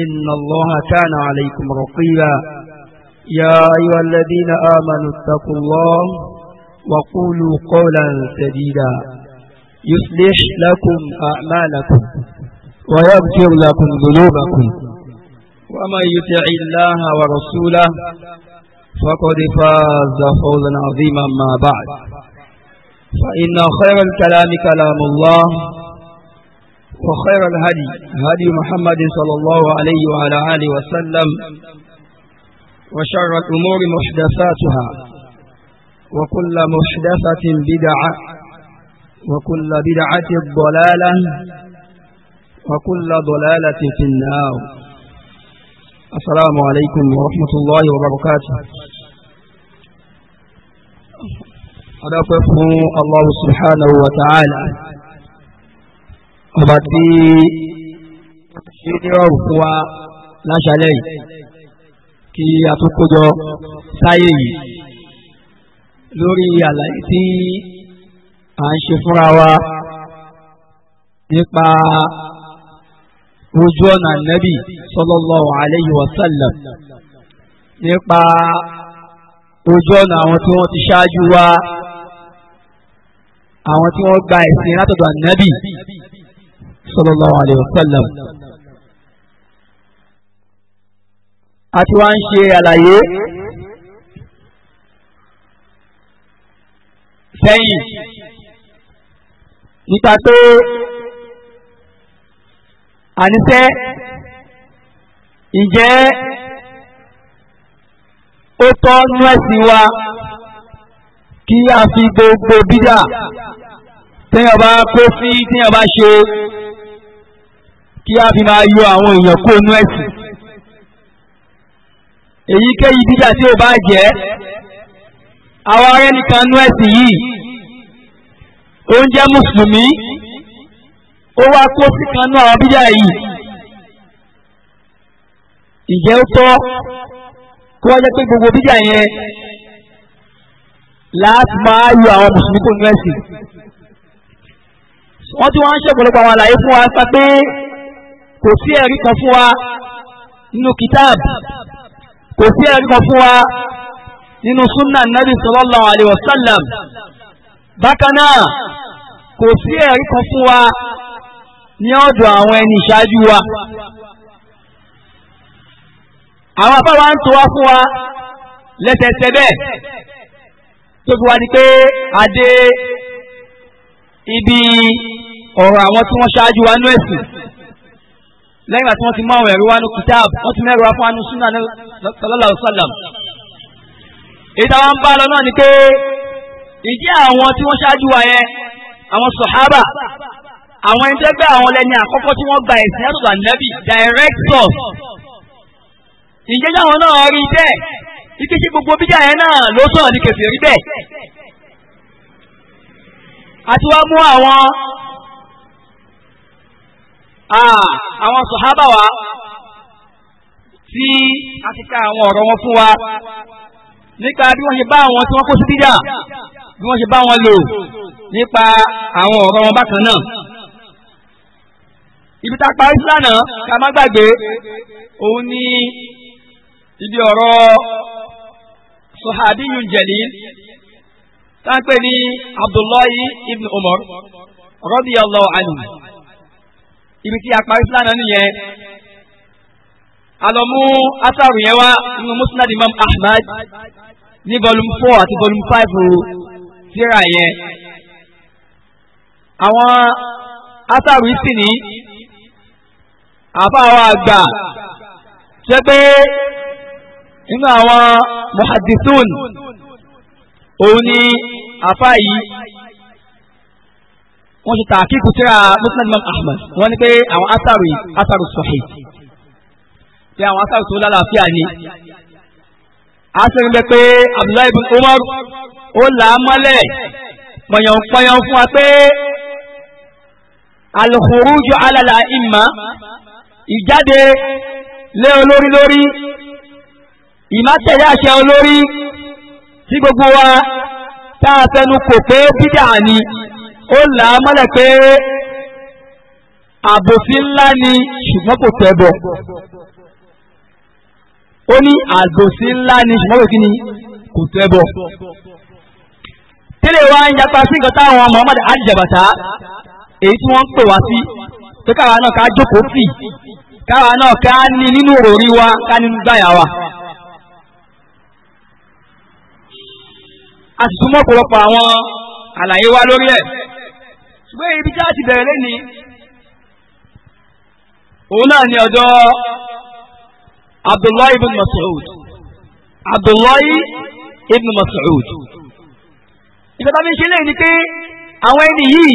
إن الله كان عليكم رقيبا يا أيها الذين آمنوا اتقوا الله وقولوا قولا سديدا يصلح لكم أعمالكم ويغفر لكم ذنوبكم ومن يطع الله ورسوله فقد فاز فوزا عظيما ما بعد فإن خير الكلام كلام الله وخير الهدي هدي محمد صلى الله عليه وعلى آله وسلم وشر الأمور محدثاتها وكل محدثة بدعة وكل بدعة ضلالة وكل ضلالة في النار السلام عليكم ورحمة الله وبركاته أدعوكم الله سبحانه وتعالى ọba tí ṣe ní ọrùn fún wa láṣálẹ́ yìí kí a tó kójọ sáyé yìí lórí àlàyé tí a ń ṣe fúnra wa nípa ojú ọ̀nà nẹ́bì sallallahu alayhi wa nípa ojú ọ̀nà àwọn tí wọ́n ti ṣáájú wa àwọn tí wọ́n gba ẹ̀sìn látọ̀dọ̀ nẹ́bì صلى الله عليه وسلم. àti wá ń ṣe àlàyé sẹ́yìn nípa pé àníṣẹ́ ǹjẹ́ ó tọ́ nú ẹ̀sìn wa kí a fi gbogbo bídà téèyàn bá kó ṣe kí a fi máa yọ àwọn èèyàn kó inú ẹ̀sìn èyíkéyìí dídà tí ó bá jẹ́ àwọn ará nìkan inú ẹ̀sìn yìí ó ń jẹ́ mùsùlùmí ó wá kó sí kan náà àwọn bídà yìí ìjẹ́ ó tọ́ kó wá jẹ́ pé gbogbo bídà yẹn láti máa yọ àwọn mùsùlùmí kó inú ẹ̀sìn wọ́n tún wá ń ṣèpọ̀lọpọ̀ àwọn àlàyé fún wa pé kò sí ẹ̀rí kan fún wa nínú kìtáàbù kò sí ẹ̀rí kan fún wa nínú súnà nàbì sallallahu alaihi wasallam bákan náà kò sí ẹ̀rí kan fún wa ní ọ̀dọ̀ àwọn ẹni ìṣáájú wa àwọn afáwa ń tó wá fún wa lẹ́sẹẹsẹ bẹ́ẹ̀ tó fi wá di pé adé ibi ọ̀rọ̀ àwọn tí wọ́n ṣáájú wa nú ẹ̀sìn lẹ́yìn àti wọ́n ti mú àwọn ẹ̀rí wá ní kitab wọ́n ti mẹ́rọ wá fún anú súnà ní sallallahu sallam. ìta wọn bá lọ náà ni pé ìjẹ́ àwọn tí wọ́n ṣáájú wa yẹn àwọn sọ̀hábà àwọn ẹni tẹ́gbẹ́ àwọn lẹ́ni àkọ́kọ́ tí wọ́n gba ẹ̀sìn yàtọ̀ ànábì director ìjẹ́ àwọn náà rí bẹ́ẹ̀ ike ṣe gbogbo bíjà yẹn náà ló sọ̀rọ̀ ní kẹfì rí bẹ́ẹ̀ àti wá mú àwọn Ah, àwọn sọ̀hábà wa tí a ti ka àwọn ọ̀rọ̀ wọn fún wa nípa bí wọ́n ṣe bá àwọn tí wọ́n kó sí dídà bí wọ́n ṣe bá wọn lò nípa àwọn ọ̀rọ̀ wọn bákan náà. ibi tá a parí sí lánàá ká má gbàgbé òun ni ibi ọ̀rọ̀ sọ̀hádìyún jalil tá a pè ní Abdullahi ibn Umar radiyallahu anhu ibi tí a parí sílánà nìyẹn alọ́mú asáàrù yẹn wá nínú musnad imam ahmad ní volume four àti volume five síra yẹn àwọn asáàrù yìí sì ní àbáwọ̀ àgbà ṣe pé nínú àwọn muhaddisun òun ni àfáà yìí wọ́n ṣe tààkìkù tíra muslim imam ahmed wọ́n ní pé àwọn asaru asaru sahih pé àwọn asaru tó lálàáfíà ni a sì ń bẹ pé abdullahi ibn umar ó là á mọ́lẹ̀ pọ̀yànpọ̀yàn fún wa pé alhuruju alala imma ìjáde lé olórí lórí ìmátẹ̀lé àṣẹ olórí tí gbogbo wa tá a fẹnu kò pé bídà ni ó là á mọ́lẹ̀ pé àbòsí ńlá ni ṣùgbọ́n kò tẹ̀ bọ̀ ó ní àbòsí ńlá ni ṣùgbọ́n kò kí kò tẹ́ Tílé wa ń yapa sí nǹkan táwọn Muhammad Ali Jabata èyí tí wọ́n ń pè wá sí pé káwa náà ká jókòó sí káwa náà ká ní nínú òrí wa ká nínú gbáyà wa. A sì tún mọ̀ ọ̀pọ̀lọpọ̀ àwọn àlàyé wa lórí ẹ̀ ṣùgbọ́n ibi tí a ti bẹ̀rẹ̀ lẹ́ni òun náà ni ọ̀dọ́ Abdullahi ibn Mas'ud Abdullahi ibn Mas'ud ìjọba mi ṣe léyìn ni pé àwọn ẹni yìí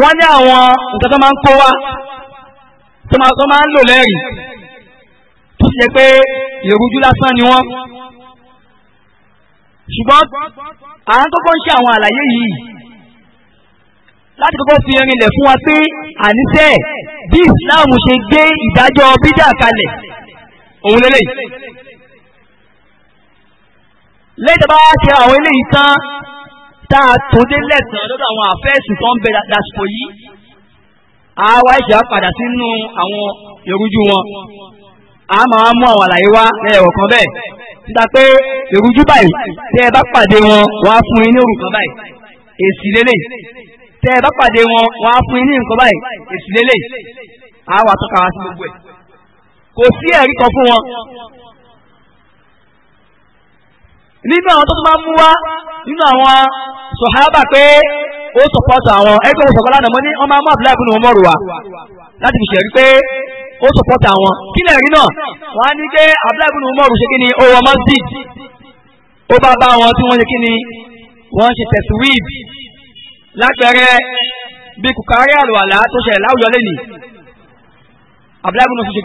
wọ́n ní àwọn nǹkan tó máa ń kó wá tó máa ń lò lẹ́rìí tó ṣe pé ìrújú lásán ni wọ́n ṣùgbọ́n àwọn tó kọ́ ń ṣe àwọn àlàyé yìí láti kọ́kọ́ fi rinlẹ̀ fún wa pé àníṣe bí Islam ṣe gbé ìdájọ́ bídà kalẹ̀ òun lélẹ̀ lẹ́yìn bá ṣe àwọn eléyìí tán tá a tó dé lẹ́sàn-án lọ́dọ̀ àwọn àfẹ́sùn tó ń bẹ dàsìkò yìí àwa ẹ̀ṣẹ̀ á padà sínú àwọn èrújú wọn a máa mú àwọn àlàyé wá lẹ́yọ̀ kan bẹ́ẹ̀ títa pé èrújú báyìí tẹ́ ẹ bá pàdé wọn wọ́n á fún yín ní òrùka báyìí èsì lélẹ̀ tẹ́ ẹ bá pàdé wọn wọ́n fún yín ní nǹkan báyìí èsì lélẹ̀ a wà tọ́ka wá sí gbogbo ẹ̀ kò sí ẹ̀rí kan fún wọn. nínú àwọn tó tó máa mú wá nínú àwọn sọ̀hábà pé ó sọpọ́tù àwọn ẹgbẹ́ òṣèkọ́ lánàá mo ní wọ́n máa mú Abdullahi ibn Umar wá láti fi ṣẹ̀rí pé ó sọpọ́tù àwọn kí lè rí náà wọ́n á ní pé Abdullahi ibn Umar ṣe kí ni ó wọ masjid ó bá bá wọn tí wọ́n ṣe kí ni wọ́n ṣe tẹ̀síwìb lápẹẹrẹ bí kùkárí àlùwàlá tó ṣẹlẹ̀ láwùjọ lẹ́nìí Abdullahi ibn Umar ṣe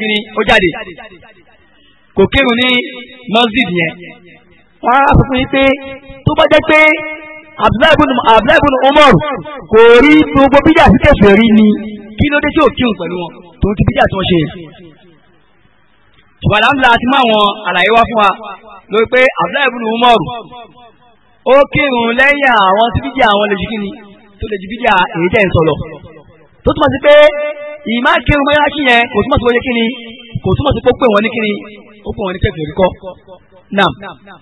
kí ni ó abdullahi bin umar kò rí gbogbo bíjà sí kẹfẹ́ rí ni kí ló dé tí ò kírun pẹ̀lú wọn tó ti bíjà tí wọ́n ṣe. ṣùgbọ́n alhamdulilayi àti máa wọn àlàyé wá fún wa lórí pé abdullahi bin umar ó kírun lẹ́yìn àwọn tí bíjà àwọn lè ju kí ni tó lè ju bíjà èyí tẹ̀ ń sọ lọ. tó túmọ̀ sí pé ìmá kírun bóyá kí yẹn kò túmọ̀ sí wọ́n yé kí ni kò túmọ̀ sí pé ó pè wọ́n ní kí ni ó pè wọ́n ní kẹfẹ́ rí kọ́.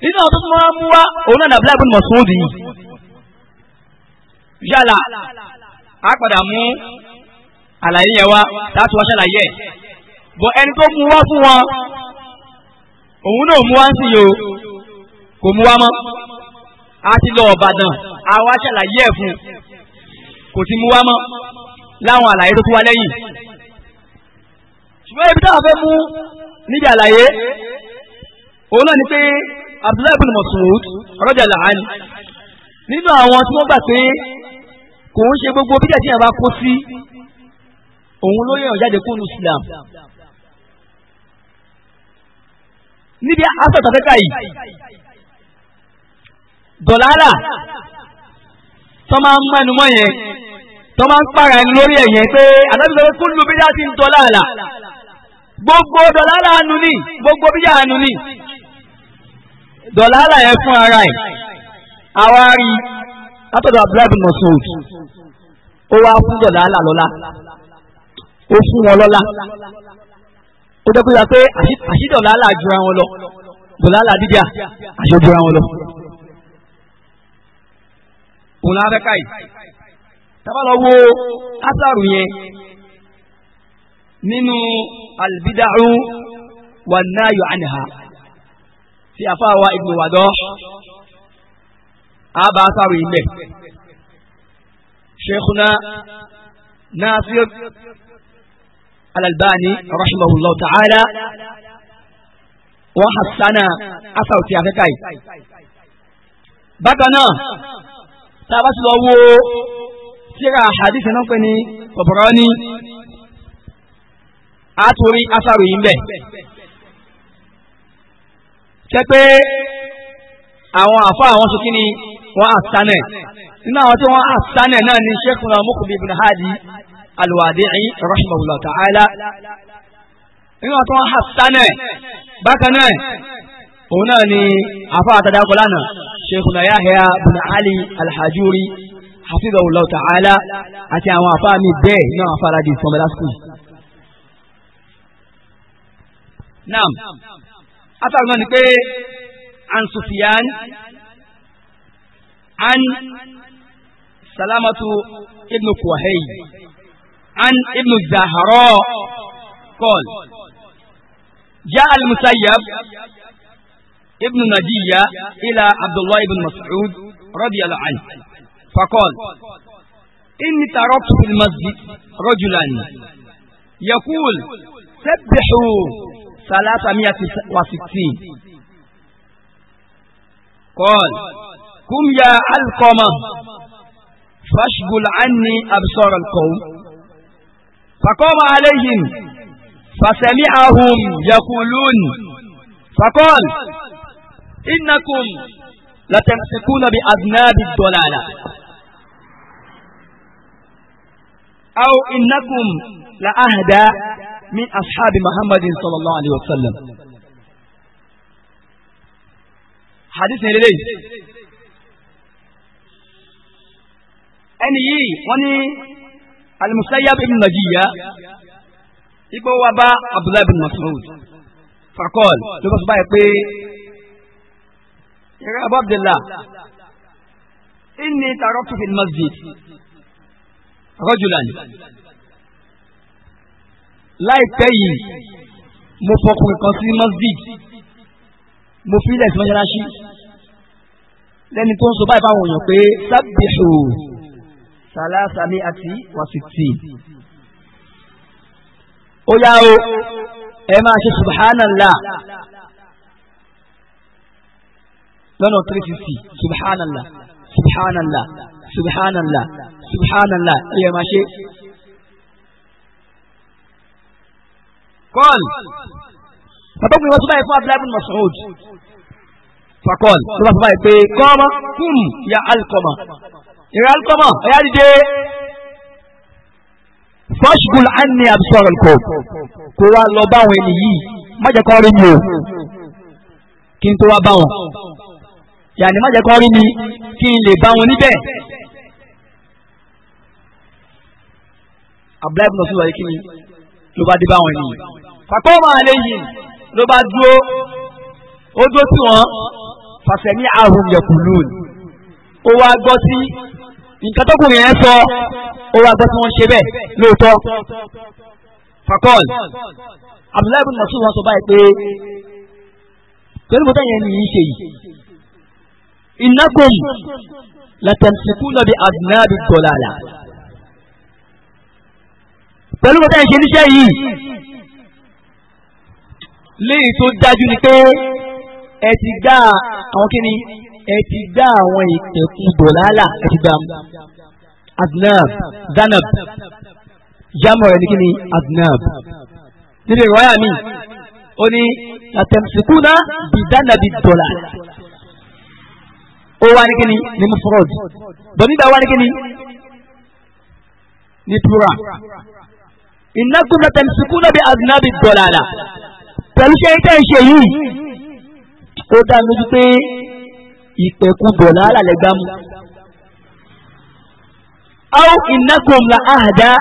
nínú àwọn tó tún máa ń mú wa òun náà yálà á padà mú àlàyé yẹn wá láti wá ṣàlàyé ẹ̀ bọ̀ ẹni tó mú wá fún wọn òun náà mú wá sí yìí o kò mú wá mọ́ a ti lọ ọ̀bàdàn a wá ṣàlàyé ẹ̀ fún kò ti mú wá mọ́ láwọn àlàyé tó tún wá lẹ́yìn ṣùgbọ́n ibi táwọn fẹ́ mú níbi àlàyé òun náà ni pé Abdullahi bin Mas'ud radiyallahu anhu nínú àwọn tí wọ́n gbà pé kò ń ṣe gbogbo bí tẹ̀síyàn bá kó sí òun ló yàn jáde kúrò Islam. níbi asọ̀ tàfẹ́kà yìí dọ̀lára tó máa ń mẹ́nu mọ́ yẹn tó máa ń pààrà ẹni lórí ẹ̀yẹn pé àtàbísọ̀ pé kúlù bí dá ti ń dọ̀lára gbogbo dọ̀lára anu ni gbogbo bí dá anu ni dọ̀lára yẹn fún ara ẹ̀ àwa rí i látọ̀dọ̀ abdullahi bin masoud ó wá fún jọ̀lá lọ́la ó fún wọn lọ́la ó jẹ́ kóyà pé àṣìjọ̀lá là jura wọn lọ jọ̀lá là dídíà àṣọ jura wọn lọ. òun la fẹ́ káyì tábà lọ wo asaru yẹn nínú albidaru wa nayo anha ti afa wa ibnu wadoh àbá sáré ilẹ̀ Sheikhuna Nasir Al-Albani rahimahullah ta'ala wọ́n hasana asaw ti afẹ́ka yìí. bákan náà tá a bá ti lọ wo síra hadith náà pé ní Tabarani àtúrí asaw yìí ń bẹ̀. àwọn àfa àwọn sọ kí ni wọ́n àṣánẹ̀ nínú àwọn tí wọ́n àṣánẹ̀ náà ni Sheikhuna Muqbil ibn Hadi Al-Wadi'i rahimahullah ta'ala nínú àwọn tí wọ́n àṣánẹ̀ bákan náà òun náà ni afa àtàdákọ lánàá Sheikhuna Yahya ibn Ali Al-Hajuri hafizahullah àti àwọn afa mi bẹ́ẹ̀ nínú àwọn aládìí sọmọlá skul. naam atàgbọ́n ni pé an عن سلامة ابن كوهي عن ابن الزهراء قال جاء المسيب ابن نجية إلى عبد الله بن مسعود رضي الله عنه فقال إني تركت في المسجد رجلا يقول سبحوا ثلاثمائة وستين قال قم يا القمة فاشغل عني أبصار القوم فقام عليهم فسمعهم يقولون فقال إنكم لتمسكون بأذناب الضلالة أو إنكم لأهدى من أصحاب محمد صلى الله عليه وسلم حديثنا لليه ẹni yìí wọ́n ní al-Musayyab ibn Najiya ibo wa bá Abdullahi ibn Mas'ud fakọ́ọ̀lù ló bá sọ báyìí pé ìrẹ́ Abu Abdullah inni taraktu fil masjid rajulan láìpẹ́ yìí mo fọkùnrin kan sí masjid mo fi ilẹ̀ sí mọ́ṣáláṣí lẹ́ni tó ń sọ báyìí báwọn èèyàn pé sábìṣù sàlásàmì àti wàsùtì. ó yá o ẹ máa ṣe subhanallah lọ́nà three sixty subhanallah subhanallah subhanallah subhanallah ẹ yẹ máa ṣe. kọ́ọ̀l bàbá mi wọ́n tún báyìí fún abdullahi bin masoud fakọ́ọ̀l tó bá fún báyìí pé kọ́ọ̀mọ́ kùm ya alkọ́mọ́ ìrẹ́ alukọ́mọ̀ ẹ̀yà dìde fọ́ṣùgùl àní àbísọ̀rọ̀ kò kó wa lọ bá àwọn ẹni yìí má jẹ́ kọ́ rí mi o kí n tó wá bá wọn yàní má jẹ́ kọ́ rí mi kí n lè bá wọn níbẹ̀. abdullahi bin ọsùn wà kí ni ló bá dé bá wọn nìyí. pàpọ́ máa lè yìn ló bá dúró ó dúró tí wọ́n fàṣẹ ní àrùn yẹ̀kùn lónìí ó wá gbọ́ sí nǹkan tọkùnrin yẹn sọ ó wá gbọ́ tí wọ́n ṣe bẹ́ẹ̀ lóòótọ́ fakọ́l abdullahi bin masud wọn sọ báyìí pé pẹ̀lú bọ́tà yẹn nìyí ṣe yìí innakum latamsikuna bi adnabi dolala pẹ̀lú bọ́tà yẹn ṣe níṣẹ́ yìí léyìí tó dájú ni pé ẹ ti gbá àwọn kìnnìún ẹ ti gbá àwọn ìtẹ̀kù dọ̀làlà ẹ ti gbà mú adnab zanab jamu rẹ̀ ní kí ni adnab níbi ìrọ̀yà mi ó ní àtẹ̀mùsìkúná bí zanabi dọ̀là ó wá ní kí ni ní mufrod dọ̀nídà wá ní kí ni ní tura ìnákùn àtẹ̀mùsìkúná bí adnabi dọ̀làlà pẹ̀lú ṣe ń tẹ̀ ṣe yìí ó dá lójú pé ìpẹ̀kúbọ̀ lálàlẹ́ gbámú. aw innakum la ahda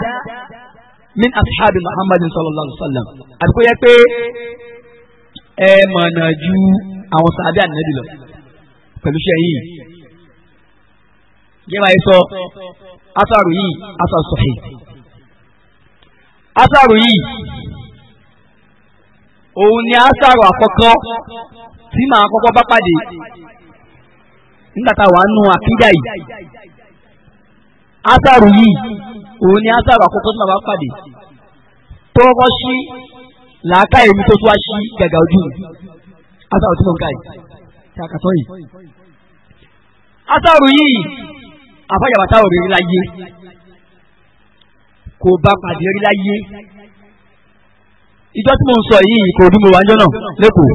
min ashabi muhammadin sallallahu alaihi wa sallam àti kó yẹ pé ẹ mọ̀nà ju àwọn sàbí ànábì lọ pẹ̀lú iṣẹ́ yìí yẹ máa sọ asaru yìí asaru sahih asaru yìí òun ni asaru àkọ́kọ́ tí màá kọ́kọ́ bá pàdé nígbà táwa nù àkídà yìí asaru yìí òun ni asaru àkọ́kọ́ tó máa pàdé tó kọ́kọ́ sí làákà èmi tó tó wá sí gàgà ojú mi asaru tí mo ń ka yìí tí a kà sọ yìí asaru yìí àfàjàbàtà ò rí láyé kò bá pàdé rí láyé ìjọ tí mo ń sọ yìí kò rí mo wá ń jọ náà lẹ́kọ̀ọ́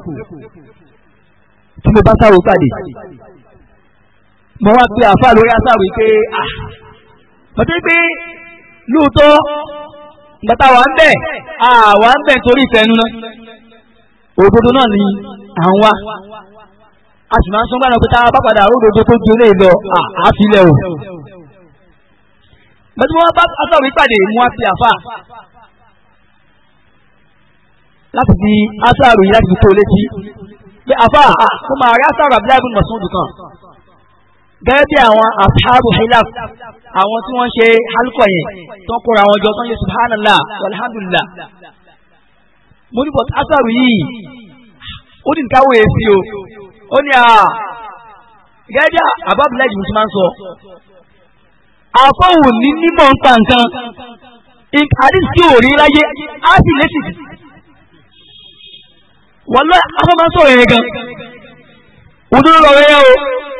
tí mo bá sáré pàdé mo wá pe àfa lórí àṣàrò pé à ah, pàtó pé lóòótọ́ gbàtà wà ń bẹ̀ àwa ń bẹ̀ torí ìfẹ́nu náà òdodo náà ni à ń wá a sì máa ń sọ́gbà náà pé tá a bá padà ródodo tó ju eléyìí lọ àáfilẹ̀ o. bẹ́ẹ̀ wọ́n bá àṣàrò ìpàdé mú wá pe àfa láti fi àṣàrò láti fi tó létí pé àfa kó máa rí àṣàrò àbíláìbù nìkan sóńdù kan gẹ́gẹ́ bí àwọn ashabu hilaf àwọn tí wọ́n ṣe halkọ̀ yẹn tó ń àwọn ọjọ́ tó ń ṣe subhanallah walhamdulillah mo ní bọ̀tí asaru yìí ó ní nǹkan wòye sí o ó ní à ah, gẹ́gẹ́ bí abábílẹ̀ jù tí máa ń sọ àfọwò ní nímọ̀ ń pa nǹkan àdìsí tí ò láyé á sì wọ́n lọ́ afọ́ máa ń sọ̀rọ̀ yẹn gan òdúró lọ́wọ́ yẹn o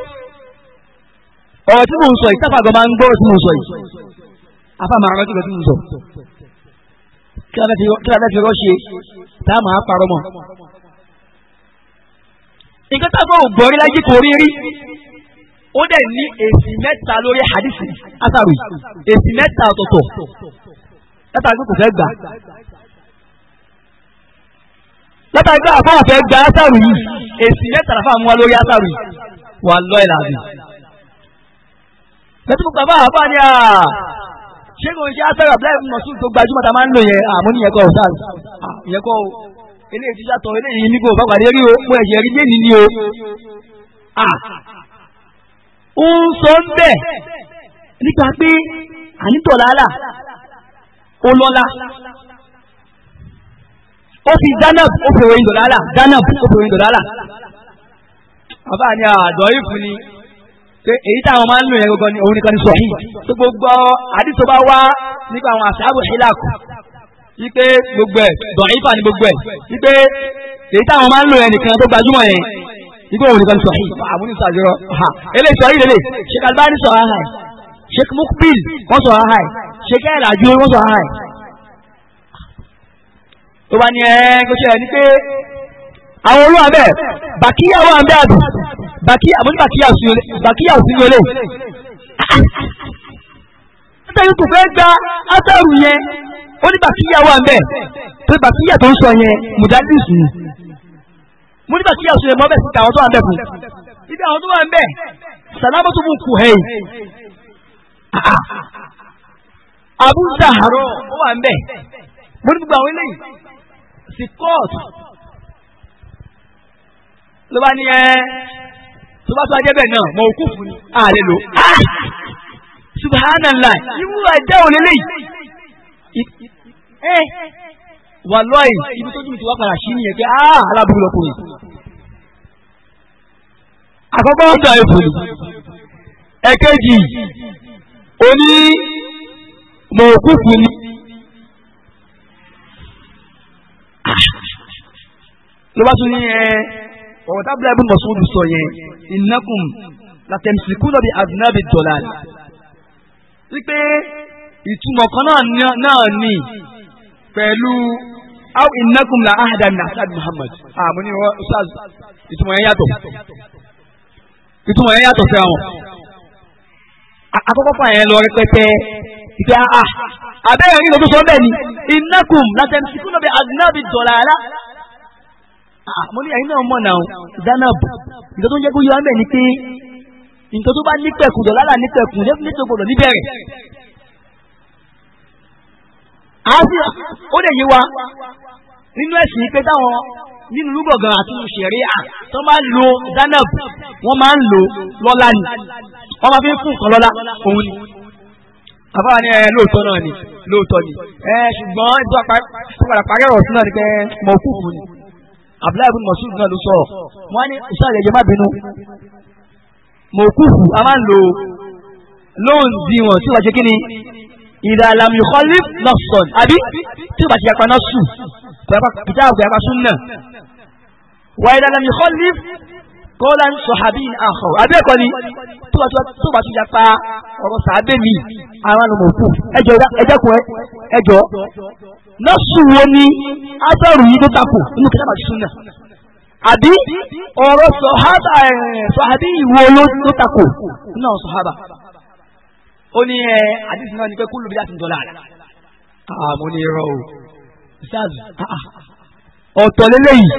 ọ̀rọ̀ tí mò ń sọ yìí sáfà gan máa ń gbọ́rọ̀ tí mò ń sọ yìí afa máa rántí lọ tí mò ń sọ kí ládàá fi rọ́ṣe tá a máa parọ́ mọ́. nǹkan tá a fọ́ ògbọ́n rí lájí kò rí rí ó dẹ̀ ní èsì mẹ́ta lórí hadisi asaru èsì mẹ́ta ọ̀tọ̀ọ̀tọ̀ látàgbé kò fẹ́ gbà látàgbé àfọwọ́fẹ́ gba asaru yìí èsì mẹ́ta làfà mú wa lórí asaru yìí wà lọ́ọ̀ẹ́ làbí lọ́tí mo bàbá àbá ni à ṣé kò ń ṣe àtàrà abúlé mọ̀sùn tó gbajúmọ̀ tá a máa ń lò yẹn àmọ́ nìyẹn kọ́ ọ̀sán ìyẹn kọ́ o eléyìí ti yàtọ̀ eléyìí ní kò bá pàdé rí o mo ẹ̀jẹ̀ rí dé nìyí o ó ń sọ ń bẹ̀ nípa pé ànítọ̀lálà ó lọ́lá ó fi danab ó fi ròyìn dọ̀lálà danab ó fi ròyìn dọ̀lálà àbá ni àdọ̀ ìfún ni èyí táwọn máa ń lò yẹn gbogbo ni òun nìkan ni sọ̀hí tó gbogbo àdìsọ bá wá nípa àwọn àṣàbò hílàkù wípé gbogbo ẹ̀ dọ̀ífà ni gbogbo ẹ̀ wípé èyí táwọn máa ń lò yẹn nìkan tó gbajúmọ̀ yẹn wípé òun nìkan ni sọ̀hí àbúrò ìsàjọrọ̀ eléyìí sọ̀hí lélẹ̀ Sheikh Albani sọ̀ ha hàn Sheikh Mukbil wọ́n sọ̀ ha hàn Sheikh El Ajo wọ́n sọ̀ ha hàn. tó bá ní ẹ kó ṣe ẹ ní pé àwọn olúwa bàkíyà mo ní bàkíyà ò sí ní olè nítorí kò fẹ́ gba átàrù yẹn ó ní bàkíyà wà ń bẹ̀ pé bàkíyà tó ń sọ yẹn mùdádìs ni mo ní bàkíyà sọ yẹn mọ́ bẹ́ẹ̀ sí àwọn tó wà ń bẹ̀ fún ibi àwọn tó wà ń bẹ̀ sàlámọ́tò mú kù hẹ́yì Abu Zahra ó wà ń bẹ̀ mo ní gbogbo àwọn eléyìí sí kóòtù ló bá ní ẹ́ tó bá tó ajẹ́ bẹ́ẹ̀ náà mọ òkú fún ni a lò á ah! subhanallah irú ẹ̀dá ò lélẹ́yìí ẹ wà lọ́ọ̀yì ibi tó dùn tí wọ́n padà sí nìyẹn pé á ah, aláburú lọkùnrin àkọ́kọ́ ọ̀dọ̀ ẹ̀fọ́ ẹ̀kejì oní mọ òkú fún ni. Ah! ló bá tún ní ẹ ọ̀rọ̀ tábìlì ibn Mas'ud sọ yẹn innakum latamsikuna bi adnabi dalal. wípé ìtumọ̀ kan náà ní pẹ̀lú aw innakum la ahada min ahsad muhammad àmú ni ustaz ìtumọ̀ yẹn yàtọ̀ ìtumọ̀ yẹn yàtọ̀ sí àwọn. àkọ́kọ́ fún àyẹn lọ rẹpẹtẹ ìgbà a ah, ah, abẹ́rẹ́ yìí lójú sọ bẹ́ẹ̀ ni innakum latamsikuna bi adnabi dalala mo ní ẹ̀yin náà mọ̀ náà Zainab nǹkan tó ń jẹ́ kó yọ ọ́nbẹ̀ ni pé nǹkan tó bá nípẹ̀kùn dọ̀ lálà nípẹ̀kùn nítorí gbọdọ̀ níbẹ̀rẹ̀. àásì ó lè yé wa nínú ẹ̀sìn pé táwọn nínú lúgọ̀gàn àti ṣẹ̀ríà tó máa ń lo Zainab wọ́n máa ń lo lọ́lá ni wọ́n máa fi ń fún nǹkan lọ́lá òun ni àbá ni ẹ lóòótọ́ náà ni lóòótọ́ ni ẹ ṣùgbọ́n ìtura padà parí ọ̀rọ̀ sí náà ni pé mọ̀ fúfú ni abdullahi bin masud náà ló sọ̀rọ̀ wọ́n ní ìṣàlẹ̀ ẹ̀jẹ̀ má bínú mọ̀kúfù a máa ń lo lóun di wọn tí wàá ṣe kí ni ìdàlàmù ìkọlí nọ́sọ̀n àbí tí wàá ṣe yàpá náà sùn kìtà àgbà yàpá sùn náà wà ìdàlàmù ìkọlí kọ́lá ń sọ àbí àhọ̀ àbí ẹ̀kọ́ ni tó wàá ṣe yàpá ọ̀rọ̀ sàábẹ́ mi àwọn àlùmọ̀kù ẹjọ́ ẹjọ́ nọ́ọ̀sù wo ni ásọ̀rù yìí tó takò nínú kìtàbà sunna àbí ọ̀rọ̀ sọ̀hábà sọ̀hábì ìwo ló takò nínú àwọn sọ̀hábà ó ní ẹ àdìsí náà ní pé kúlù bí láti dọ́là àmọ́ ní irọ́ o ṣáàzù ah, ah. ọ̀tọ̀ lélẹ́yìí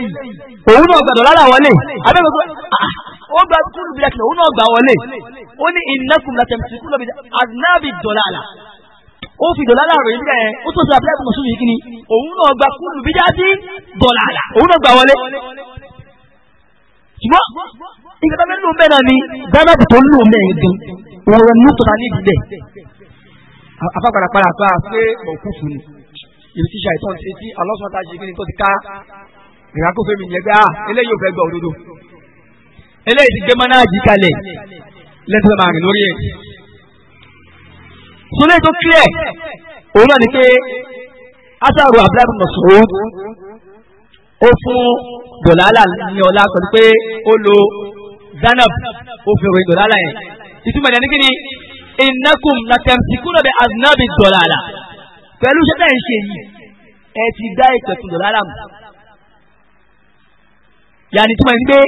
òun náà gbàdọ̀ lára wọlé abẹ́rẹ́ ah, ó gba kúlù bí láti òun náà gbà wọlé ó ní innakum látẹ̀mísì kúlù bí láti àdínábì dọ́là ó fi dọ̀làlà rẹ̀ níbẹ̀ yẹn ó tó sọ abúlé ẹ̀kọ́ sómi kí ni òun náà gba kúlù bíjá sí dọ̀làlà òun náà gba wọlé. ṣùgbọ́n ìgbàgbọ́ mi ló ń bẹ̀ náà ni dánáàbù tó ń lò mẹ́ gan wọ́n rẹ̀ mú tó ta ní ìdílé afápadà padà tó a pé mọ̀kúfù ni ibi tíṣà ìtàn ṣe tí alọ́sọ̀tà ṣe kí ni tó ti ká ìrákófẹ́ mi yẹn pé ah eléyìí ò fẹ́ gbọ́ òdodo eléyìí ti gbé mọ́náàjì kalẹ̀ lẹ́tọ́ máa rìn lórí ẹ̀ sọlẹ́ tó clear òun náà ni pé asaru abdulhamid masoud ó fún dọ̀làlà ní ọlá sọ pé ó lo zanab ó fi ròyìn dọ̀làlà yẹn ìtumọ̀ ìdáni kí ni innakum latamsikuna bi aznabi dọ̀làlà pẹ̀lú sẹ́tà ń ṣe yìí ẹ ti dá ìpẹ̀tù dọ̀làlà mu yàní tí wọ́n ń gbé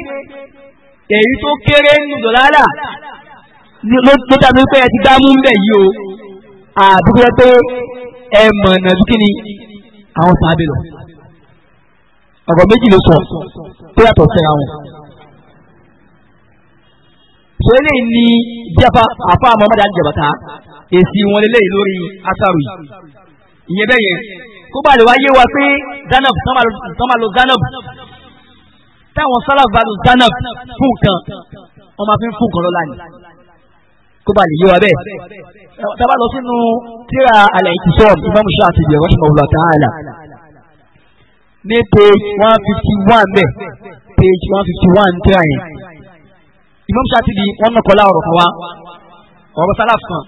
èyí tó kéré nù dọ̀làlà ló tàbí pé ẹ ti dá mú mbẹ̀ yìí o àdúgbò pé ẹ mọ̀ nàbí kí ni àwọn sábẹ́ lọ. ọ̀rọ̀ méjì ló sọ tó yàtọ̀ síra wọn. sọ́lẹ̀ ní jẹ́fà àfa Muhammad Jabata èsì wọn lélẹ́yìn lórí asaru yìí. ìyẹn bẹ́ẹ̀ yẹn kó bá lè wá wa pé zanab sọ́mà lo zanab táwọn sálàbà lo zanab fún nǹkan wọ́n máa fi ń fún nǹkan lọ́la ni kó ba lè yé wa bẹ́ẹ̀. tábà lọ sínú tíra al-i'tisam imam Shatibi rahimahullah ta'ala ní page one fifty one bẹ́ẹ̀ page one fifty one tíra yẹn. imam Shatibi wọn nọkọ láwọrọ kan wa ọ̀rọ̀ sálàf kan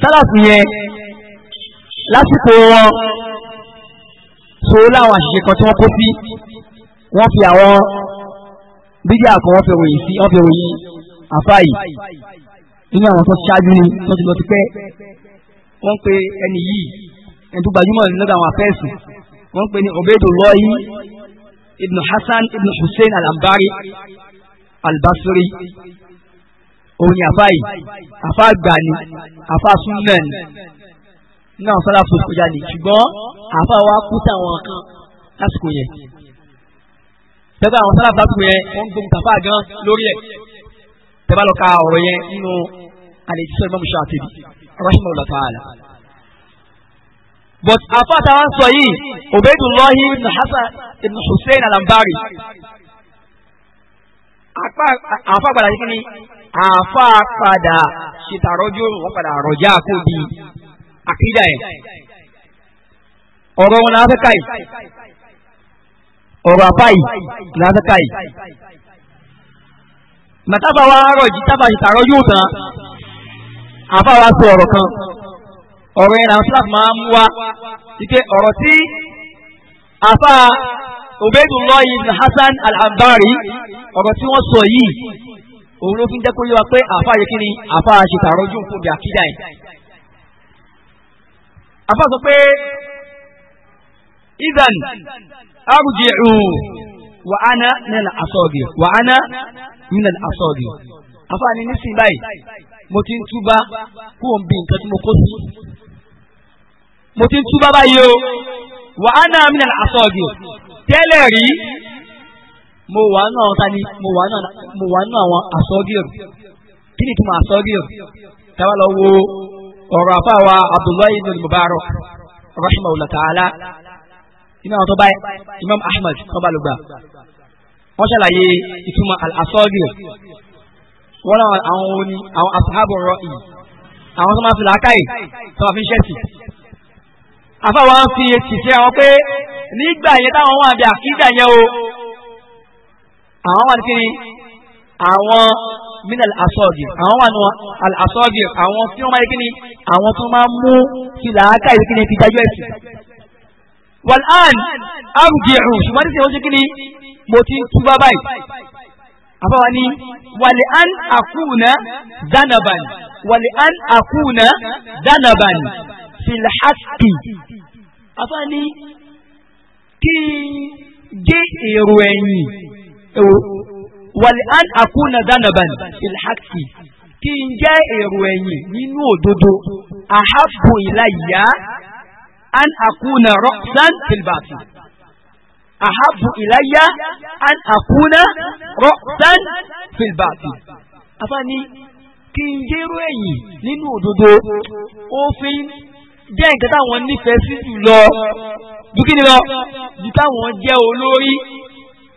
sálàf yẹn lásìkò wọn so láwọn àṣìṣe kan tí wọ́n kó sí wọ́n fi àwọn bíjà kan wọ́n fi ròyìn sí wọ́n fi ròyìn àfáà yìí nínú àwọn tó ṣáájú ni tó ti lọ ti pẹ́ wọ́n pe ẹni yìí ẹni tó gbajúmọ̀ lọ́dọ̀ àwọn afẹ́sùn wọ́n pe ni Ubaydullahi ibn Hasan ibn Hussein al-Anbari al-Basri òun ni àfa yìí afa àgbà afa àfa súnmọ́ ni nínú àwọn sọ́dọ̀ àfọ̀sùn kọjá ni ṣùgbọ́n àfa wa kú táwọn kan lásìkò yẹn tẹ́tà àwọn sọ́dọ̀ àfọ̀sùn yẹn wọ́n gbógun tàfà gan lórí ẹ̀ tẹ́bálò ka ọ̀rọ̀ yẹn nínú àlejò Imam Shatibi rahimahullah ta'ala. but afa táwọn sọ yìí Ubaidullahi ibn Hasan ibn Hussein al-Anbari àfa padà sí kíni àfa padà ṣètàrọ́jú wọn padà rọjá kó di àkídà ẹ̀ ọ̀rọ̀ wọn láfẹ́ káyì ọ̀rọ̀ àfáyì láfẹ́ káyì. màtàbà wa rọ̀ jí tábà ṣe tààrọ̀ yóò tán àbá wa sọ ọrọ kan ọ̀rọ̀ yẹn làwọn sílàfù máa ń mú ike wípé tí àfa Ubaydullahi Hasan al-Anbari tí sọ yìí òun ló fi ń jẹ́ kó wa pé àfa yìí kí ni ṣe tààrọ̀ yóò fún mi àkídà yìí. àfa sọ pé wa ana nílà wa minal asọ́ọ̀dì àfààní nísìnyí báyìí mo ti ń túbá kó o ń bi nǹkan tí mo kó sí mo ti ń túbá báyìí o wà á náà minal asọ́ọ̀dì tẹ́lẹ̀ rí mo wà nù àwọn tani mo wà nù àwọn asọ́ọ̀dì kí ni ìtumọ̀ asọ́ọ̀dì táwa lọ wo ọ̀rọ̀ àfàwà Abdullahi ibn Mubarak rahimahullah ta'ala iná àwọn tó Imam Ahmad tó bá lọ wọ́n ṣàlàyé ìtumọ̀ al-asọ́gìr wọ́n láwọn àwọn oní àwọn asahabu rọ́ì àwọn tó máa fi làákàyè tó máa fi ń ṣẹ̀sì. àfàwọn fi etí sí àwọn pé nígbà yẹn táwọn wà bí àkídà yẹn o àwọn wà ní kiri àwọn minal asọ́gìr àwọn wà ní al-asọ́gìr àwọn tí wọ́n máa yẹ kíni àwọn tó máa mú fi làákàyè kíni fi dájọ́ ẹ̀sìn. wàlán àrùjẹ̀rù ṣùgbọ́n mo ti túbá báyìí àbáwá ní wàlẹ̀ án àkúnà dánaban wàlẹ̀ án àkúnà dánaban filhaspi àbá ní kí n gé èrò ẹ̀yìn wàlẹ̀ án àkúnà dánaban filhaspi kí n jẹ́ èrò ẹ̀yìn nínú òdodo àhábò ìlàyà án àkúnà rọ́ṣán tìlbàtì ahabu ilayya an akuna rọ́ọ̀tán filbati. afáàní kí n jẹ́rú ẹ̀yìn nínú òdodo ó fi jẹ́ nǹkan táwọn nífẹ̀ẹ́ sí jù lọ ju kí ni lọ ju táwọn jẹ́ olórí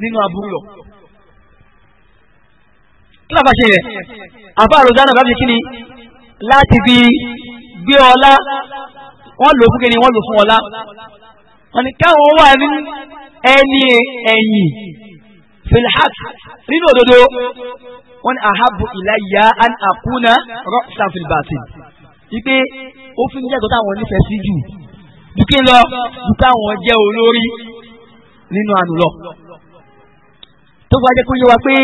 nínú aburú lọ. kí bá ṣe yẹn àfáà rosana bá fi kí ni láti fi gbé ọlá wọ́n lò fún kí ni wọ́n lò fún ọlá. wọ́n ní káwọn wà ní ẹni ẹ̀yìn filhaq nínú òdodo wọn ni ahabu ilayya an akuna rọ́ọ̀sà filbatin ipe ó fún mi jẹ́tọ́ táwọn nífẹ̀ẹ́ sí jù dùkín lọ dùkín àwọn jẹ́ olórí nínú àánú lọ. tó bá jẹ́ kó yé wa pé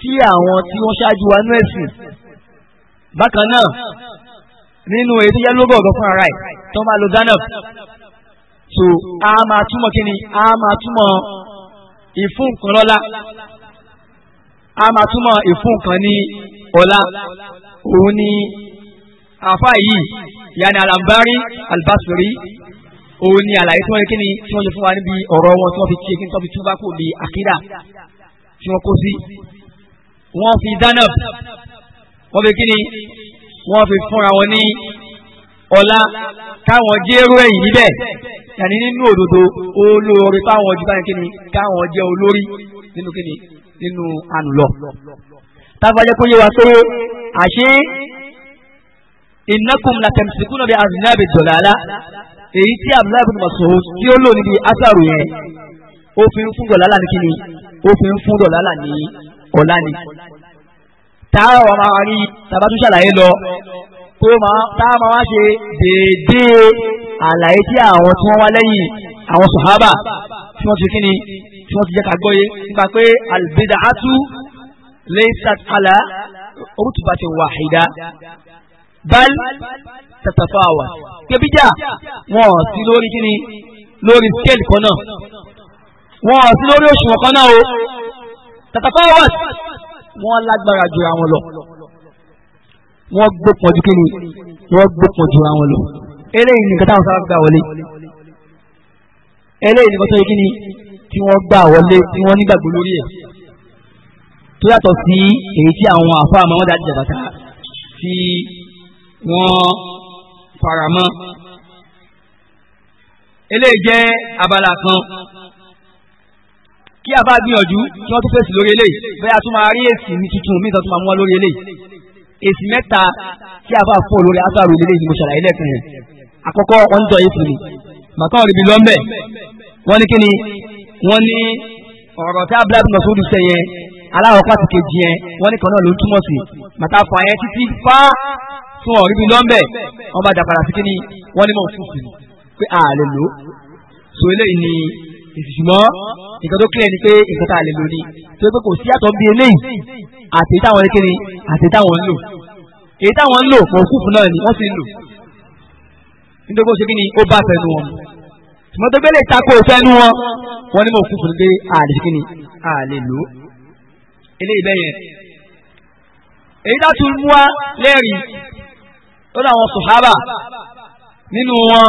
tí àwọn tí wọ́n ṣáájú wa nú ẹ̀sìn bákan náà nínú èyí tó yẹ lóbọ̀ ọ̀gọ́ fún ara ẹ̀ tó máa lo danab so a máa túmọ̀ kí ni a máa túmọ̀ ìfún nǹkan lọ́la a máa túmọ̀ ìfún ní ọ̀la òun ni àfa yìí yanni alambari albasiri òun ni àlàyé tí wọ́n yẹ kí ni tí wọ́n yẹ fún wa níbi ọ̀rọ̀ wọn tí wọ́n fi tiẹ̀ kí ni tí wọ́n fi túbá kò bí àkídà tí wọ́n kó sí wọ́n fi dáná wọ́n fi kí ni wọ́n fi fúnra wọn ní ọ̀la káwọn jẹ́rú ẹ̀yìn níbẹ̀ yàní nínú òdodo olóore fáwọn ọjọ́ báyìí kíni káwọn jẹ́ olórí nínú kíni nínú ànulọ. tábàjẹ́ kó yé wa pé àṣé innakum la tamsikuna bi azinabi dolala èyí tí abdullahi bin masoud tí ó lò níbi asaru yẹn ó fi ń fún dọ̀lálà ní kíni ó fi ń fún dọ̀lálà ní ọ̀la ni. táà wà máa rí tabatú ṣàlàyé lọ pé táà máa ṣe déédéé àlàyé tí àwọn tí wọ́n wá lẹ́yìn àwọn sàhábà tí wọ́n ti kíni tí wọ́n ti jẹ́ ká gbọ́yé nípa pé albid'atu laysat ala rutbatin wahida bal tatafawat pé bíjà wọn ò sí lórí kíni lórí scale kan náà wọn ò sí lórí òṣùwọ̀n kan náà o tatafawat wọn lágbára jù àwọn lọ wọn gbópọn ju kíni wọn gbópọn jù àwọn lọ eléyìí nìkan táwọn sábà gbà wọlé eléyìí nìkan tó yẹ kí ni tí wọ́n gbà wọlé tí wọ́n nígbàgbọ́ lórí ẹ̀ tó yàtọ̀ sí èyí tí àwọn àfa àmọ́ wọn dájú jàbàtà tí wọ́n faramọ́ eléyìí jẹ́ abala kan kí a bá gbìyànjú kí wọ́n tún fèsì lórí eléyìí bẹ́ẹ̀ a tún máa rí èsì ní tuntun mi tó tún máa mú wa lórí eléyìí èsì mẹ́ta tí a bá fọ́ lórí afárò eléyìí ni mo ṣàlàyé lẹ́ẹ̀kan yẹn àkọ́kọ́ wọn tọ̀ yìí fún mi màkà òrìbí lọ́mbẹ̀ wọ́n ní kíni wọ́n ní ọ̀rọ̀ tí abdulhamid masoud ṣe yẹn aláwọ̀ pàtó kejì yẹn wọ́n ní kan náà ló ń túmọ̀ sí màkà fà yẹn títí fá fún òrìbí lọ́mbẹ̀ wọ́n bá dàpadà sí kíni wọ́n ní mọ̀ fún sí pé a lè lò so eléyìí ni ìṣùmọ́ nǹkan tó kílẹ̀ ni pé nǹkan tá a lè lò ní tó pé kò sí àtọ̀ bíi eléyìí àti táwọn ní àti táwọn ń lò èyí táwọn ń lò mọ̀ òkúfù náà ni wọ́n ti ń lò nítorí ó ṣe kí ni ó bá fẹnu wọn tòmọ́tò bẹ́ẹ̀ lè takò fẹnu wọn wọn ni mo kú fún pé àlè kí ni àlè lò ó eléyìí bẹ́ẹ̀ yẹn èyí dátú mú wa lẹ́rìí lọ́dọ̀ àwọn sọ̀hábà nínú wọn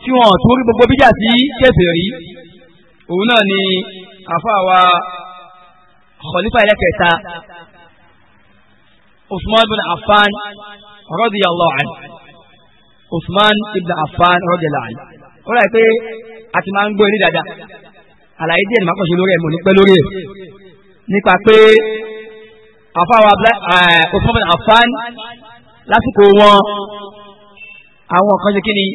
tí wọn tó rí gbogbo bíjà sí kẹfẹ́ rí òun náà ni àfàwà khalifa ẹlẹ́kẹta Usman bin Affan radiyallahu anhu. Usman ibn afan radiyallahu anhu ó rà pé a ti máa ń gbọ́ eré dáadáa àlàyé díẹ̀ ni màá kàn ṣe lórí ẹ̀ mọ̀ ní pẹ́ lórí ẹ̀ nípa pé àfáwọn afan, eh, ibn Affan lásìkò wọn àwọn kan ṣe kí ni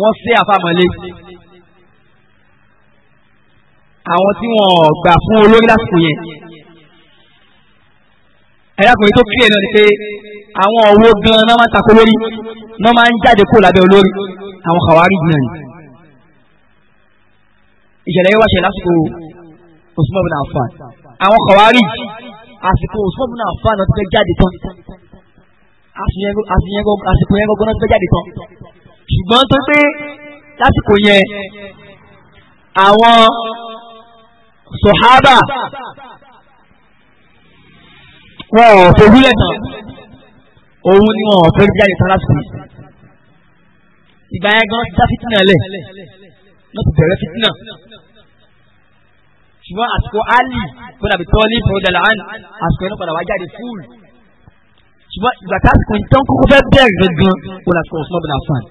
wọ́n ṣe àfàmọ́lé àwọn tí wọ́n gbà fún olórí lásìkò yẹn ẹ̀dàkùnrin tó kílẹ̀ náà ni pé àwọn ọ̀wọ́ gan-an náà máa ń takò lórí náà máa ń jáde kó lábẹ́ olórí àwọn kàwárí náà ni. ìṣẹ̀lẹ̀ yóò wá ṣe lásìkò Usman bin Affan àwọn kàwárí àsìkò Usman bin Affan náà ti fẹ́ jáde tán àsìkò yẹn gbọ́ngàn náà ti fẹ́ jáde tán ṣùgbọ́n tó pé lásìkò yẹn àwọn sọ̀hábà wọn ò fojúlẹ̀ tán òun ni wọn ò fẹ́ jáde tán láti fi ìgbà yẹn gan dá fitinà lẹ̀ lọ́ti bẹ̀rẹ̀ fitinà ṣùgbọ́n àsìkò ali kódà bí tọ́lí fọdàlà án àsìkò yẹn padà wá jáde fúlù ṣùgbọ́n ìgbà tá àsìkò yìí tán kókó fẹ́ bẹ̀rẹ̀ gan kódà àsìkò Usman bin Affan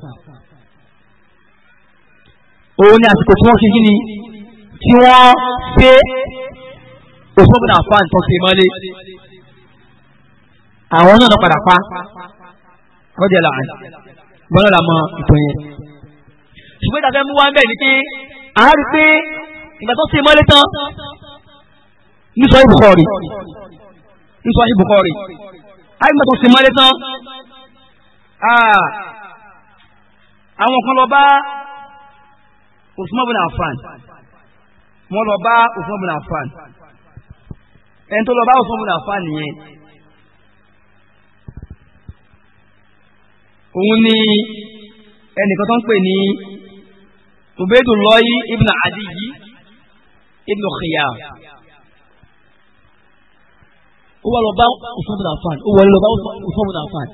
òun ni àsìkò tí wọ́n ṣe kí ni tí wọ́n ṣe Usman bin Affan tó ṣe mọ́lé àwọn náà padà pa ọdẹ là ń bọ́lá là mọ ìtàn yẹn. ṣùgbọ́n ìtàfẹ́ mú wá ń bẹ̀ ni pé a rí pé ìgbà tó ṣe mọ́lé tán ní sọ ibùkọ́ rè ní sọ ibùkọ́ rè a rí ìgbà tó ṣe mọ́lé tán àwọn kan lọ bá Usman bin Affan wọ́n lọ bá Usman bin Affan ẹni tó lọ bá Usman bin Affan nìyẹn. òun ni ẹnìkan tó ń pè ní Ubaidullahi ibn Adi ibn Khiyar ó wà lọ bá Usman bin Affan ó wọlé lọ bá Usman bin Affan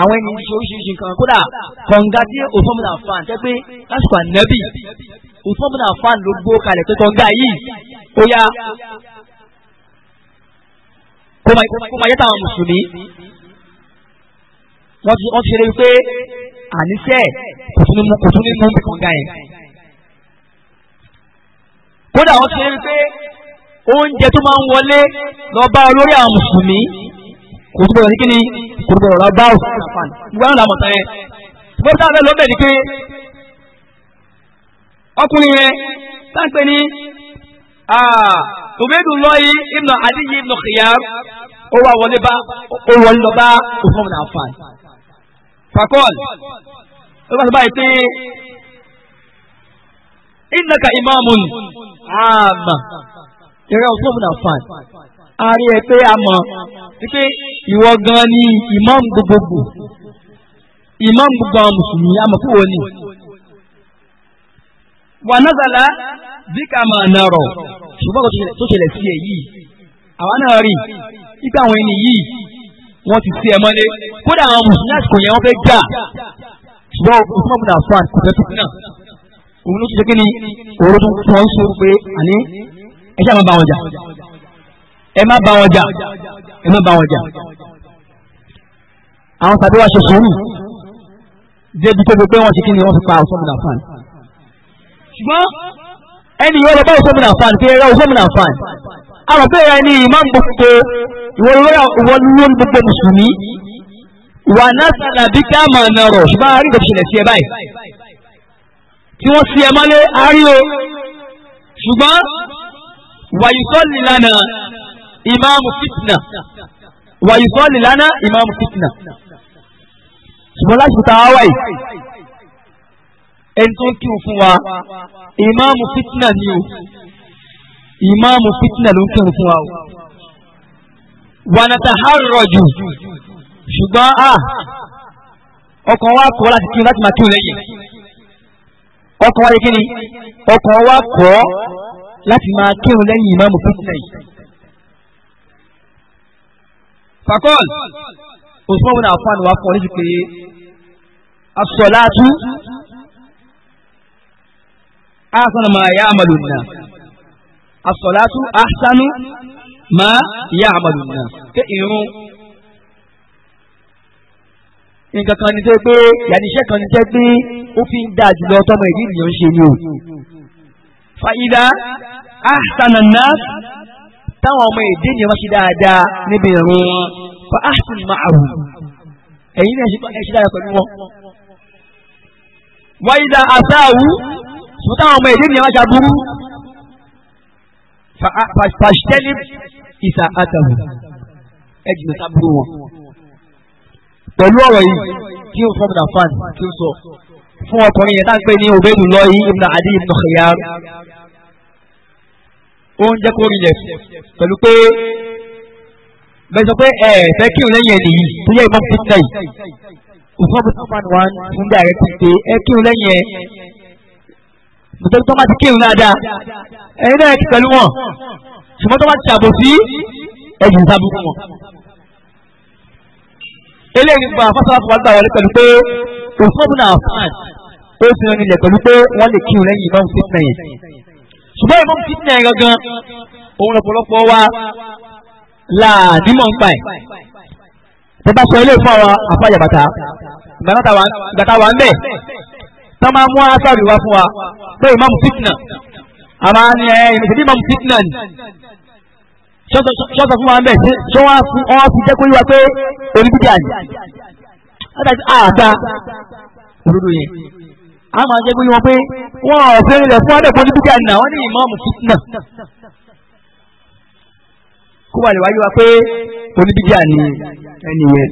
àwọn ẹni ṣe oríṣiríṣi nǹkan kódà kọ̀ǹga tí Usman bin Affan jẹ́ pé lásìkò ànẹ́bì Usman bin Affan ló gbó kalẹ̀ pé kọ̀ǹga yìí ó yá kó máa yẹ táwọn mùsùlùmí wọ́n ti wọ́n ti ṣe pé àníṣe kò tún nínú kò tún nínú nǹkan ga yẹn. kódà wọ́n ti ṣe pé oúnjẹ tó máa ń wọlé lọ bá olórí àwọn mùsùlùmí kò tún bọ̀rọ̀ ní kíni kò tún bọ̀rọ̀ lọ bá òṣèlú ìgbà náà làmọ̀tán yẹn. ṣùgbọ́n táwọn bẹ́ẹ̀ bẹ̀ ni pé ọkùnrin yẹn táǹpẹ́ ní Ubaydullahi ibn Adiy ibn Khiyar ó wà wọlé bá ó wọlé lọ bá fakọ́ọ̀lì ó bá sọ báyìí pé ìnaka ìmáàmù àmà ìrẹ́ ọ̀tún òfin àfàn ààrẹ ẹ̀ pé a mọ̀ wípé ìwọ gan ni ìmáàmù gbogbogbò ìmáàmù gbogbo àwọn mùsùlùmí amọ̀kúwò ni. wà názàlá bí ká wọ́n ti sí ẹ mọ́lé kódà àwọn mùsùlùmí àsìkò yẹn wọ́n fẹ́ gbà ṣùgbọ́n usman bin Affan kò fẹ́ fìtínà òun ló ti ṣe kí ni òru tó tọ́ ń sọ pé àní ẹ ṣáà má bá wọn jà ẹ má bá wọn jà ẹ má bá wọn jà àwọn tàbí wàá ṣe sùúrù débi tó fi pé wọ́n ṣe kí ni wọ́n fi pa usman bin Affan ṣùgbọ́n ẹni yóò lọ bá usman bin Affan pé ẹ rẹ usman bin Affan àwọn bẹ́ẹ̀ yẹn ni imam gbogbo ìwọlúwọ́n gbogbo mùsùlùmí wà náà sàlàbí ká máa nà rọ̀ ṣùgbọ́n a rí ìgbà ìṣẹ̀lẹ̀ sí ẹ báyìí tí wọ́n sí ẹ mọ́lé a rí o ṣùgbọ́n wàyísọ́ọ̀lì lánàá imam fitna wàyísọ́ọ̀lì lánàá imam fitna ṣùgbọ́n láti ta wá wáyìí ẹni tó ń kí fún wa imam fitna ni o ìmáàmù fitna ló ń kírun fún wa o. wànàtà hàrọ̀jù ṣùgbọ́n a ọkàn wa kọ́ láti kí láti máa kí lẹ́yìn ọkàn wa yẹ kí ni ọkàn wa kọ́ láti máa kírun lẹ́yìn ìmáàmù fitna yìí. fakọ́l òṣùwọ̀n wọn àfọ̀n wa fọ́ níbi pé asọ̀látú àfọ̀n máa yá àmàlùmí náà asọ̀látú ahsanu ma yá àmàlù náà pé irun nǹkan kan ní tẹ́ pé yàní iṣẹ́ kan ní tẹ́ pé ó fi ń dáa jùlọ tọmọ ìdí ènìyàn ń ṣe ni o. fàyídà ahsana nas táwọn ọmọ èdè ènìyàn wá sí dáadáa níbi ìrún wọn fa ahsan ma'ahum ẹ̀yin náà ṣe dáadáa pẹ̀lú wọn. wáyídà àtàwù sùn táwọn ọmọ èdè ènìyàn wá ṣàbúrú fàṣítẹ́lì ìsà àtàwù ẹ jìnnà sábúrú wọn. pẹ̀lú ọ̀rọ̀ yìí kí n fọ́n múna fan kí n sọ fún ọkùnrin yẹn náà pé ní obìnrin lọ yìí ibùdó àdé ibùdó xiyar ó ń jẹ́ kó rí lẹ̀ pẹ̀lú pé bẹ́ẹ̀ sọ pé ẹ fẹ́ kí n lẹ́yìn ẹ̀ nìyí tó yẹ ìmọ̀ fún ká yìí òfin ọ̀bùn sábà wà fún bí ààrẹ ti pé ẹ kí n lẹ́yìn ẹ̀ nítorí tó bá ti kírun dáadáa ẹ̀yin náà ti pẹ̀lú wọn ṣùgbọ́n tó bá ti ṣàbò sí ẹ̀yìn ìsàbùkù wọn. eléyìí gba fásitì wa gbà wọlé pẹ̀lú pé òṣùwọ́n náà fàn ó fi hàn nílẹ̀ pẹ̀lú pé wọ́n lè kírun lẹ́yìn ìmọ̀ fitna yẹn. ṣùgbọ́n ìmọ̀ fitna yẹn gangan òun ọ̀pọ̀lọpọ̀ wa láàdímọ̀ ń pa ẹ̀. bàbá sọ ilé ìfọ̀ àwọn àfọ̀yàbàtà ìgbà tán máa mú asari wá fún wa pé ìmáàmù fitna àmà ni ẹ ìrìnsìdí imam fitna ni ṣọ́sọ̀ fún wa ń bẹ̀ ṣé wọ́n á fi jẹ́ pé wíwá pé olùdíje àjẹ́ látàkì àdá òdodo yẹn a máa jẹ́ pé wọ́n pé wọ́n ò fẹ́ rẹ̀ fún adẹ́kùn olùdíje àjẹ́ náà wọ́n ní ìmáàmù fitna kó wà lè wáyé wa pé olùdíje àní ẹni yẹn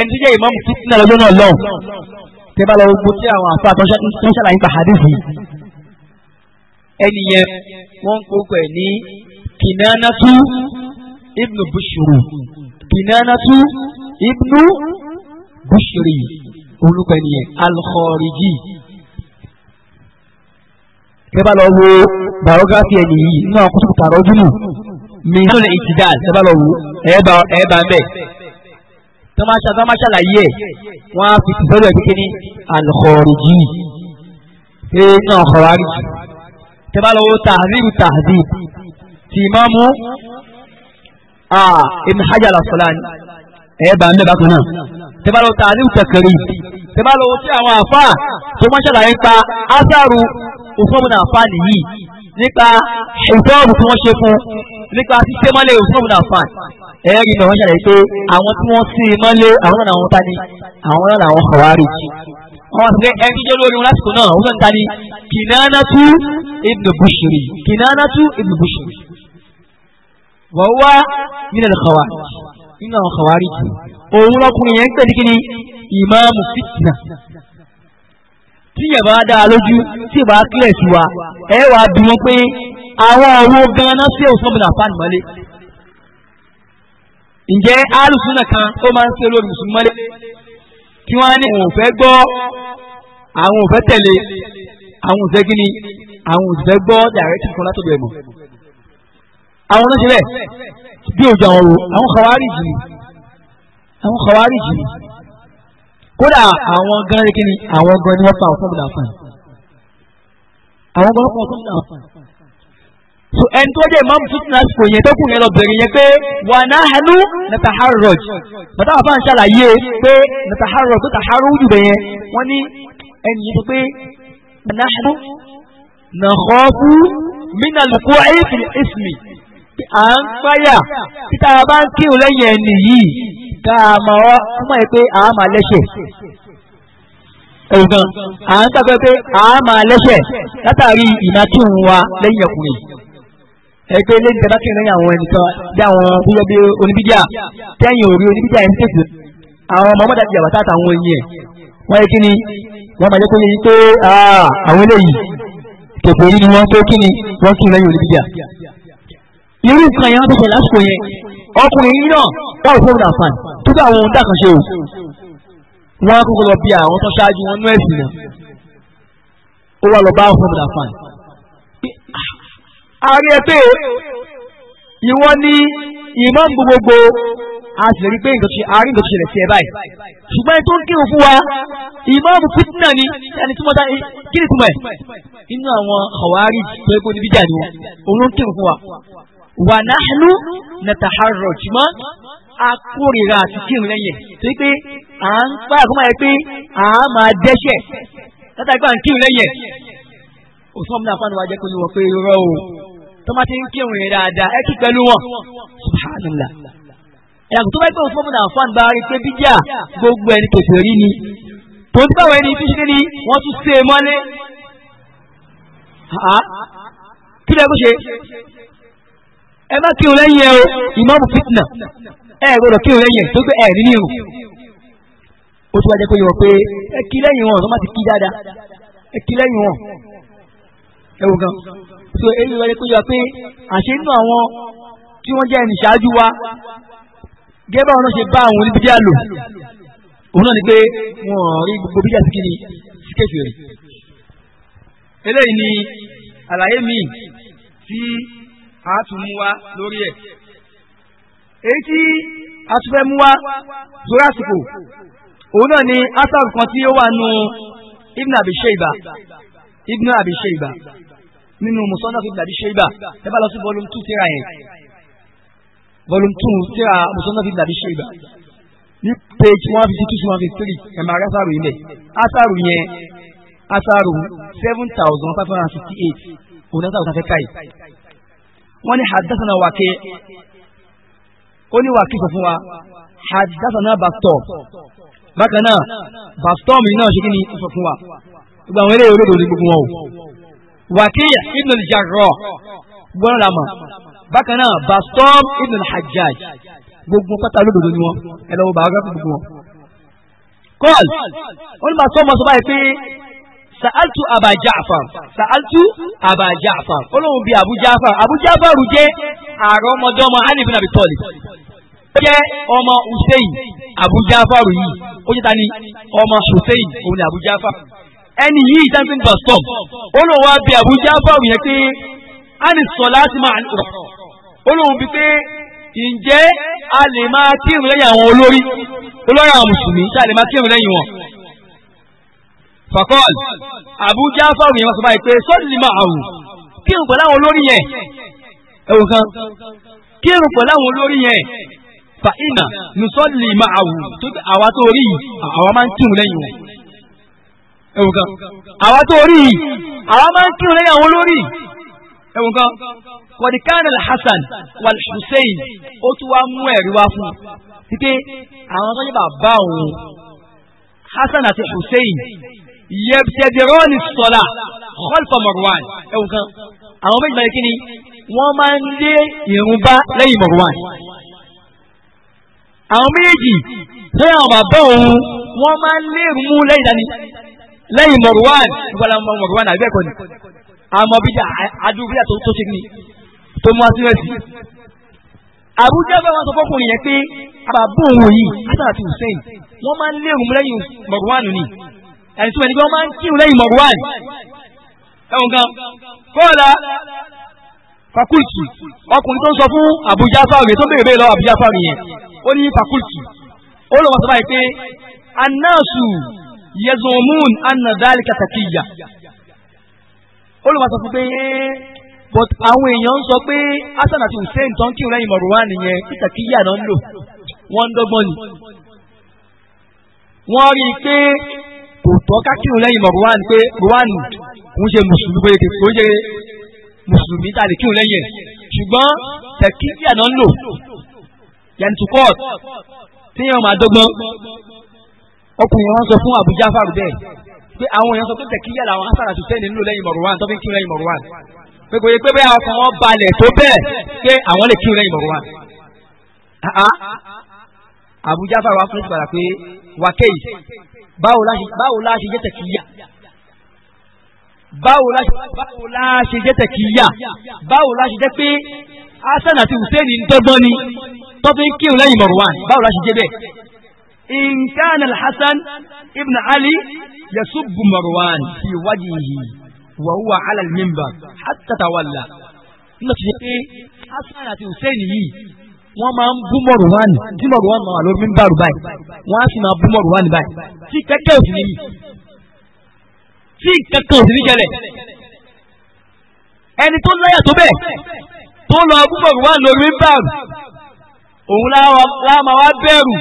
ẹni tó jẹ́ imam fitna lọ́jọ́ náà lọ́hùn tẹ́bá lọ gbogbo tí àwọn àfa tó ń ṣàlàyé pa hadithi ẹni yẹn wọ́n ń kókó ẹ̀ ní kìnnánátú ibnu bushiri kìnnánátú ibnu bushiri olùkọ́ ẹni yẹn alkhoriji tẹ́bá lọ wo biography ẹni yìí inú àwọn kótópù tààrọ̀ dúnú mi ló lè ìtìdá tẹ́bá lọ wo ẹ̀ ń bẹ̀ tọ́máṣà ẹ̀ wọ́n á fi tìsọ́dọ̀ ẹ̀ kékeré alkọ̀ọ̀rìjì pé náà kọ̀ọ̀rìjì tẹ́bálọ́wọ́ tàhíìrù tàhíì ti imamu ibn hajar al-asqalani ẹ̀ bá mẹ́ba kan náà tẹ́bálọ́wọ́ tàhíìrù tàkàrí tẹ́bálọ́wọ́ tí àwọn àfa tó máa ṣàlàyé nípa asaru òfóòmù náà fa nìyí nípa ìfọ́ọ̀mù tí wọ́n ṣe fún nípa ṣíṣe mọ́lẹ̀ òfóòmù náà fa ẹ̀rí ni wọ́n ṣàlàyé pé àwọn tí wọ́n sí mọ́lẹ̀ àwọn náà wọn ta ni àwọn náà làwọn kọ̀wárìjì wọ́n wá sí pé ẹni jẹ́ lórí wọn lásìkò náà wọ́n ń ta ni kìnnánátú ibnu bushiri kìnnánátú ibnu bushiri wọ́n wá nínú ìkọ̀wá nínú àwọn kọ̀wárí òun lọ́kùnrin yẹn ń pè ní kíni ìmáàmù fitna tí yẹn bá dáa lójú tí ìbá kílẹ̀ sí wa ẹ wàá bí wọn pé àwọn ọ̀rọ̀ gan-an sí òsán bìnnà fáànù mọ́lé ǹjẹ́ alùsùn nìkan ó máa ń ṣe olórí mùsùlùmí tí wọ́n á ní àwọn òfẹ́ gbọ́ àwọn òfẹ́ tẹ̀lé àwọn òfẹ́ gíní àwọn òfẹ́ gbọ́ dàrẹ́tì kan látọ̀dọ̀ ẹ̀mọ́. àwọn náà ṣe bẹ́ẹ̀ bí òjò àwọn ro àwọn kàwárì jì àwọn kàwárì jì kódà àwọn gan àwọn gan ni wọ́n pa ọ̀sán gbọdọ̀ àfàn àwọn gan-an pa ọ̀sán gbọdọ̀ àfàn so ẹni tó jẹ́ ìmáàmù tuntun lásìkò yẹn tó kù yẹn lọ bẹ̀rẹ̀ yẹn pé wà náà hànú nàtàhárọ̀j bàtà bàbá ń ṣàlàyé pé nàtàhárọ̀j tó tàhárọ̀ jù bẹ̀yẹn wọ́n ní ẹni yẹn sọ pé wà náà hànú nàkọ́fù mínà lùkú ẹ̀yìn ìsìnì à ń fáyà títà bá ń kírun lẹ́yìn ẹni yìí ká àmọ́ ọmọ yẹn pé àá máa lẹ́sẹ̀ ẹ̀wùn gan à ń tàbí pé àá máa lẹ́sẹ̀ látàrí ìnákírun wa lẹ́yìn ọkùnrin ẹgbẹ́ ilé ìjọba kí n lẹ́yìn àwọn ẹnìkan bí àwọn búyọ́ bí oníbíjà tẹ́yìn òrí oníbíjà ẹ̀ ń tètè àwọn ọmọ ọmọdé àbíyàwó táàtà àwọn oyin ẹ̀ wọ́n yẹ kí ni wọ́n máa jẹ́ kó yẹ pé àwọn eléyìí kẹ̀kẹ́ yìí ni wọ́n tó kí ni wọ́n kí n lẹ́yìn oníbíjà. irú nǹkan yẹn wọ́n tẹ̀sẹ̀ lásìkò yẹn ọkùnrin yìí náà wọ́n ò fóun àǹfààní tó bá àwọn ohun dàkànṣe o wọ́n á kókó lọ bí àwọn tó ṣáájú wọn nú ẹ̀sìn náà ó wà lọ bá àwọn fóun àǹfààní ààrẹ pé ìwọ ni imam gbogbogbò a sì rí pé àárín nǹkan ṣẹlẹ̀ sí ẹ báyìí ṣùgbọ́n ẹni tó ń kírun fún wa imam fitna ni ẹni tí mo dá kí ni túmọ̀ ẹ̀ inú àwọn àwárí tó ẹgbẹ́ níbí jà ni wọn òun ló ń kírun fún wa wà nahnu nàtàhárọ̀ jùmọ́ akórira àti kírun lẹ́yìn torí pé à ń pààkó máa yẹ pé à á máa dẹ́ṣẹ̀ látàgbà ń kírun lẹ́yìn Usman bin Affan wá jẹ́ kó ní wọ́n pé irọ́ o tó máa ti ń kírun yẹn dáadáa ẹ kí pẹ̀lú wọn subhanallah ẹ̀yàgò tó bá gbé Usman bin Affan bá rí pé bíjà gbogbo ẹni kò fèrè ni tó ń báwọn ẹni fíṣe ni wọ́n tún ṣe é mọ́lé kí ló ṣe ẹ má kírun lẹ́yìn ẹ o ìmáàmù fitna ẹ gbọ́dọ̀ kírun lẹ́yìn ẹ tó gbé ẹ rí ní irun ó tún wá jẹ́ pé ẹ kí lẹ́yìn wọn tó má ti kí dáadáa ẹ kí lẹ́yìn wọn ẹwù gan so èyí ló yẹ kó yọ pé àṣẹ nínú àwọn tí wọ́n jẹ́ ẹnìṣáájú wa gẹ́gẹ́ báwọn náà ṣe bá àwọn oníbíjà lò òun náà ni pé wọn ò rí gbogbo bíjà sí kíni sí kèfèrí eléyìí ni àlàyé míì tí a tún mú wa lórí ẹ̀ èyí tí a tún fẹ́ mú wa lórí àsìkò òun náà ni asaf kan tí ó wà nù Ibn Abi Shayba Ibn Abi Shayba nínú musonaf ibn abi shayba ẹ lọ sí volume two tíra yẹn volume two tíra musonaf ibn abi shayba ní page one fifty two to one fifty three yẹn asaru seven thousand five hundred fifty eight òun náà sábà kan fẹ́ ká yìí wọ́n ní hadassana wàkẹ́ ó ní wàkẹ́ sọ fún wa hadassana bàtọ̀ bákan náà bàtọ̀ mi náà ṣe kí ni sọ fún wa gbogbo àwọn eléyìí olódò ní gbogbo wọn o wàkíyà ibn al-jarrah gbọ́n la mọ̀ bákan náà bastom ibn al-hajjaj gbogbo pátá lódodo ni wọn ẹ lọ́wọ́ biography gbogbo wọn. kọ́l wọn bá sọ́ọ́ mọ́sọ́ báyìí pé sa'altu aba ja'far sa'altu aba ja'far olóhùn bíi abu ja'far abu ja'far jẹ́ àrọ́mọdọ́mọ ali ibn abi talib jẹ́ ọmọ hussein abu ja'far yìí ó jẹ́ ta ọmọ hussein òun ni abu ja'far ẹni yìí ìtàkì ń bàtọ̀ olùwà bí àbújá báwò yẹn pé a ní sọ láti máa lọ olùwà bí pé ǹjẹ́ a lè máa kírun lẹ́yìn àwọn olórí olórí àwọn mùsùlùmí tá a lè máa kírun lẹ́yìn wọn. fakọ́l àbújá báwò yẹn wọ́n sọ báyìí pé sọ́ọ̀lì máa àwù kírun pẹ̀lú àwọn olórí yẹn ẹ̀wù kan kírun pẹ̀lú àwọn olórí yẹn fa iná nùsọ́ọ̀lì máa awu. tó àwa tó rí yìí àwa máa ń kírun lẹ́yìn wọn ẹ̀wọ̀n kan àwa tó rí yìí àwa máa ń kírun lẹ́yìn àwọn olórí ẹ̀wọ̀n kan kọ̀díkánà Hasan wà Hussein ó tún wá mú ẹ̀rí wá fún un títí àwọn tó yẹba bá òun Hasan àti Hussein yẹ̀bùtẹ̀dẹ̀rọ́ọ̀nì sọ̀la khalfa Marwan ẹ̀wọ̀n kan àwọn méjì báyìí kíni wọ́n máa ń lé ìrun bá lẹ́yìn Marwan àwọn méjì lẹ́yìn àwọn bàbá òun wọ́n máa ń lé ìrun mú lẹ́yìn dání lẹ́yìn Marwan ìwọlá Marwan àbẹ́ẹ̀kọ́ ni àmọ́ bíjà adúbíyà tó tó ṣe ni tó mú asínú ẹ̀sìn. Àbújá bá wọn sọ fọkùnrin yẹn pé àbàbò òun yìí Hasan àti Hussein wọ́n máa ń léèrú lẹ́yìn Marwan ni ẹ̀sìn tó wẹ̀ ni pé wọ́n máa ń kírun lẹ́yìn Marwan. Ẹ̀wọ̀n kan kọ́ọ̀lá fakulti ọkùnrin tó ń sọ fún Àbújá fáwọn tó béèrè lọ Àbújá fáwọn yẹn ó ní fakulti ó lọ́wọ́ sọ yẹzọmún anadalika takiya olùwàsàn fún pé but àwọn èèyàn ń sọ pé hasan àti hussein tó ń kírun lẹ́yìn mọ̀rùwá nìyẹn takiya náà ń lò wọ́n ń dọ́gbọ́n ni wọ́n rí i pé kò tọ́ ká kírun lẹ́yìn mọ̀rùwá ni pé mọ̀rùwá ni kò ṣe mùsùlùmí kò ń ṣe mùsùlùmí tàbí kírun lẹ́yìn ṣùgbọ́n takiya náà ń lò yẹn tó kọ́ọ̀tù tí yẹn máa dọ́gbọ́n ọkùnrin wọn sọ fún Abu Ja'far bẹ́ẹ̀ pé àwọn èèyàn sọ pé tẹ̀kíyà làwọn asàrà tó tẹ́lẹ̀ nílò lẹ́yìn Marwan tó fi ń kí lẹ́yìn Marwan pé kò yẹ pé bẹ́ẹ̀ ọkàn wọn balẹ̀ tó bẹ́ẹ̀ pé àwọn lè kí lẹ́yìn Marwan. Abu Ja'far wa fún ìgbàlá pé wákẹ́yì báwo la ṣe jẹ́ tẹ̀kíyà báwo la ṣe jẹ́ tẹ̀kíyà báwo la ṣe jẹ́ pé Hasan àti Hussein ń dọ́gbọ́n ni tó fi ń kí lẹ́yìn Marwan báwo la ṣe jẹ́ bẹ́ẹ̀ in kana al-hasan ibn ali yasubbu marwan fi wajhihi wa huwa ala al-minbar hatta tawalla nígbà tó ṣe pé hasan àti hussein yìí wọ́n máa ń bú marwan tí marwan máa wà lórí minbar báyìí wọ́n á sì máa bú marwan báyìí tí kẹ́kẹ́ òsì níyì tí kẹ́kẹ́ òsì ní jẹlẹ̀ ẹni tó láyà tó bẹ́ẹ̀ tó lọ bú marwan lórí minbar òun láwa máa wá bẹ̀rù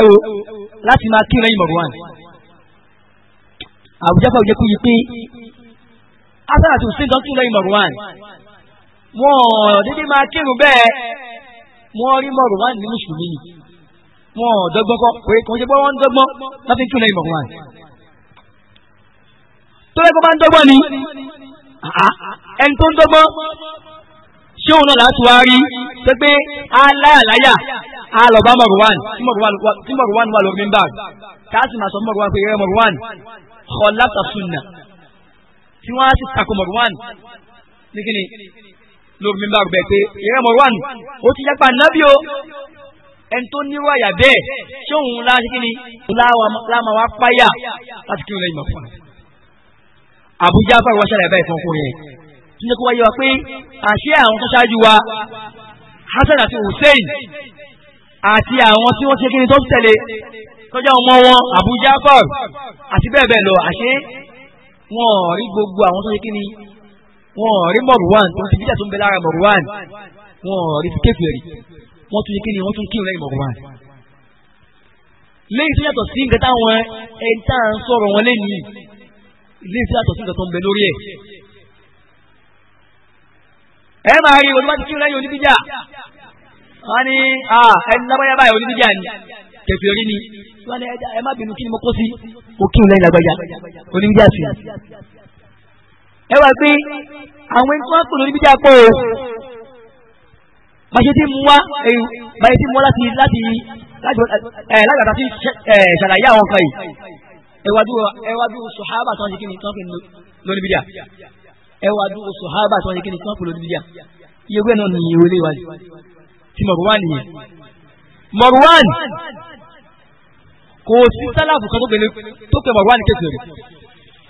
ẹ wo láti máa kí lẹ́yìn mọ̀rún wa ni Abu Jafar jẹ́ kó yí pé asára tó sí dọ́tún lẹ́yìn mọ̀rún wa ni wọ́n dédé máa kírun bẹ́ẹ̀ wọ́n rí mọ̀rún wa ní mùsùlùmí ni wọ́n dọ́gbọ́n kọ́ pé kò ń ṣe pé wọ́n ń dọ́gbọ́n láti tún lẹ́yìn mọ̀rún wa ni tó lẹ́gbọ́n máa ń dọ́gbọ́n ni ẹni tó ń dọ́gbọ́n ṣé òun náà láti wá rí pé pé aláàláyà a lọ bá Marwan tí Marwan wà lórí mímbà káàsì máa sọ fún Marwan pé ẹ Marwan khalata sunna tí wọ́n á sì takò Marwan ní kíni lórí mímbà bẹ̀ pé ẹ Marwan ó ti yẹ pa nábì o ẹni tó ní wáyà bẹ́ẹ̀ ṣé òun láti kíni láàmà wá páyà láti kí n lẹ́yìn Marwan. Abu Ja'far wá ṣàlàyé báyìí fún ọkùnrin yẹn tí ó yẹ kó wáyé wa pé àṣẹ àwọn tó ṣáájú wa Hasan àti Hussein àti àwọn tí wọ́n ṣe kí ni tó tẹ̀lé tọ́jà ọmọ wọn Abu Jafar àti bẹ́ẹ̀ bẹ́ẹ̀ lọ àṣé wọn ò rí gbogbo àwọn tó ṣe kí ni wọn ò rí Marwan tó ti bíjà tó ń bẹ lára Marwan wọn ò rí kéfìrì wọn tún ṣe kí ni wọn tún kírun lẹ́yìn Marwan. lẹ́yìn tó yàtọ̀ sí nǹkan táwọn ẹni tá à ń sọ̀rọ̀ wọn lẹ́yìn lẹ́yìn tó yàtọ̀ sí nǹkan tó ń bẹ lórí ẹ̀. ẹ máa rí olùwádìí kírun lẹ́yìn wọ́n ní ẹni lábáyá báyìí onídíjà ni kẹfẹ́ rí ni wọ́n ní ẹ má bínú kí ni mo kó sí òkìrùn lẹ́yìn lágbájá onídíjà sí. ẹ wá pé àwọn ẹni tó wọ́n pè lórí bíjà pọ̀ o báyìí ti mú wá báyìí ti mú wá láti láti lágbàdá sí ṣàlàyé àwọn kan yìí ẹwàdú ẹwàdú sòhábà tó ń ṣe kí ni tó ń pè lórí bíjà ẹwàdú sòhábà tó ń ṣe kí ni tó ń pè lórí bíjà iye gbẹ́ náà nìyí wọlé wáyé ti Marwan yẹn Marwan kò sí sálàfù kan tó gbélé tó pe Marwan kékeré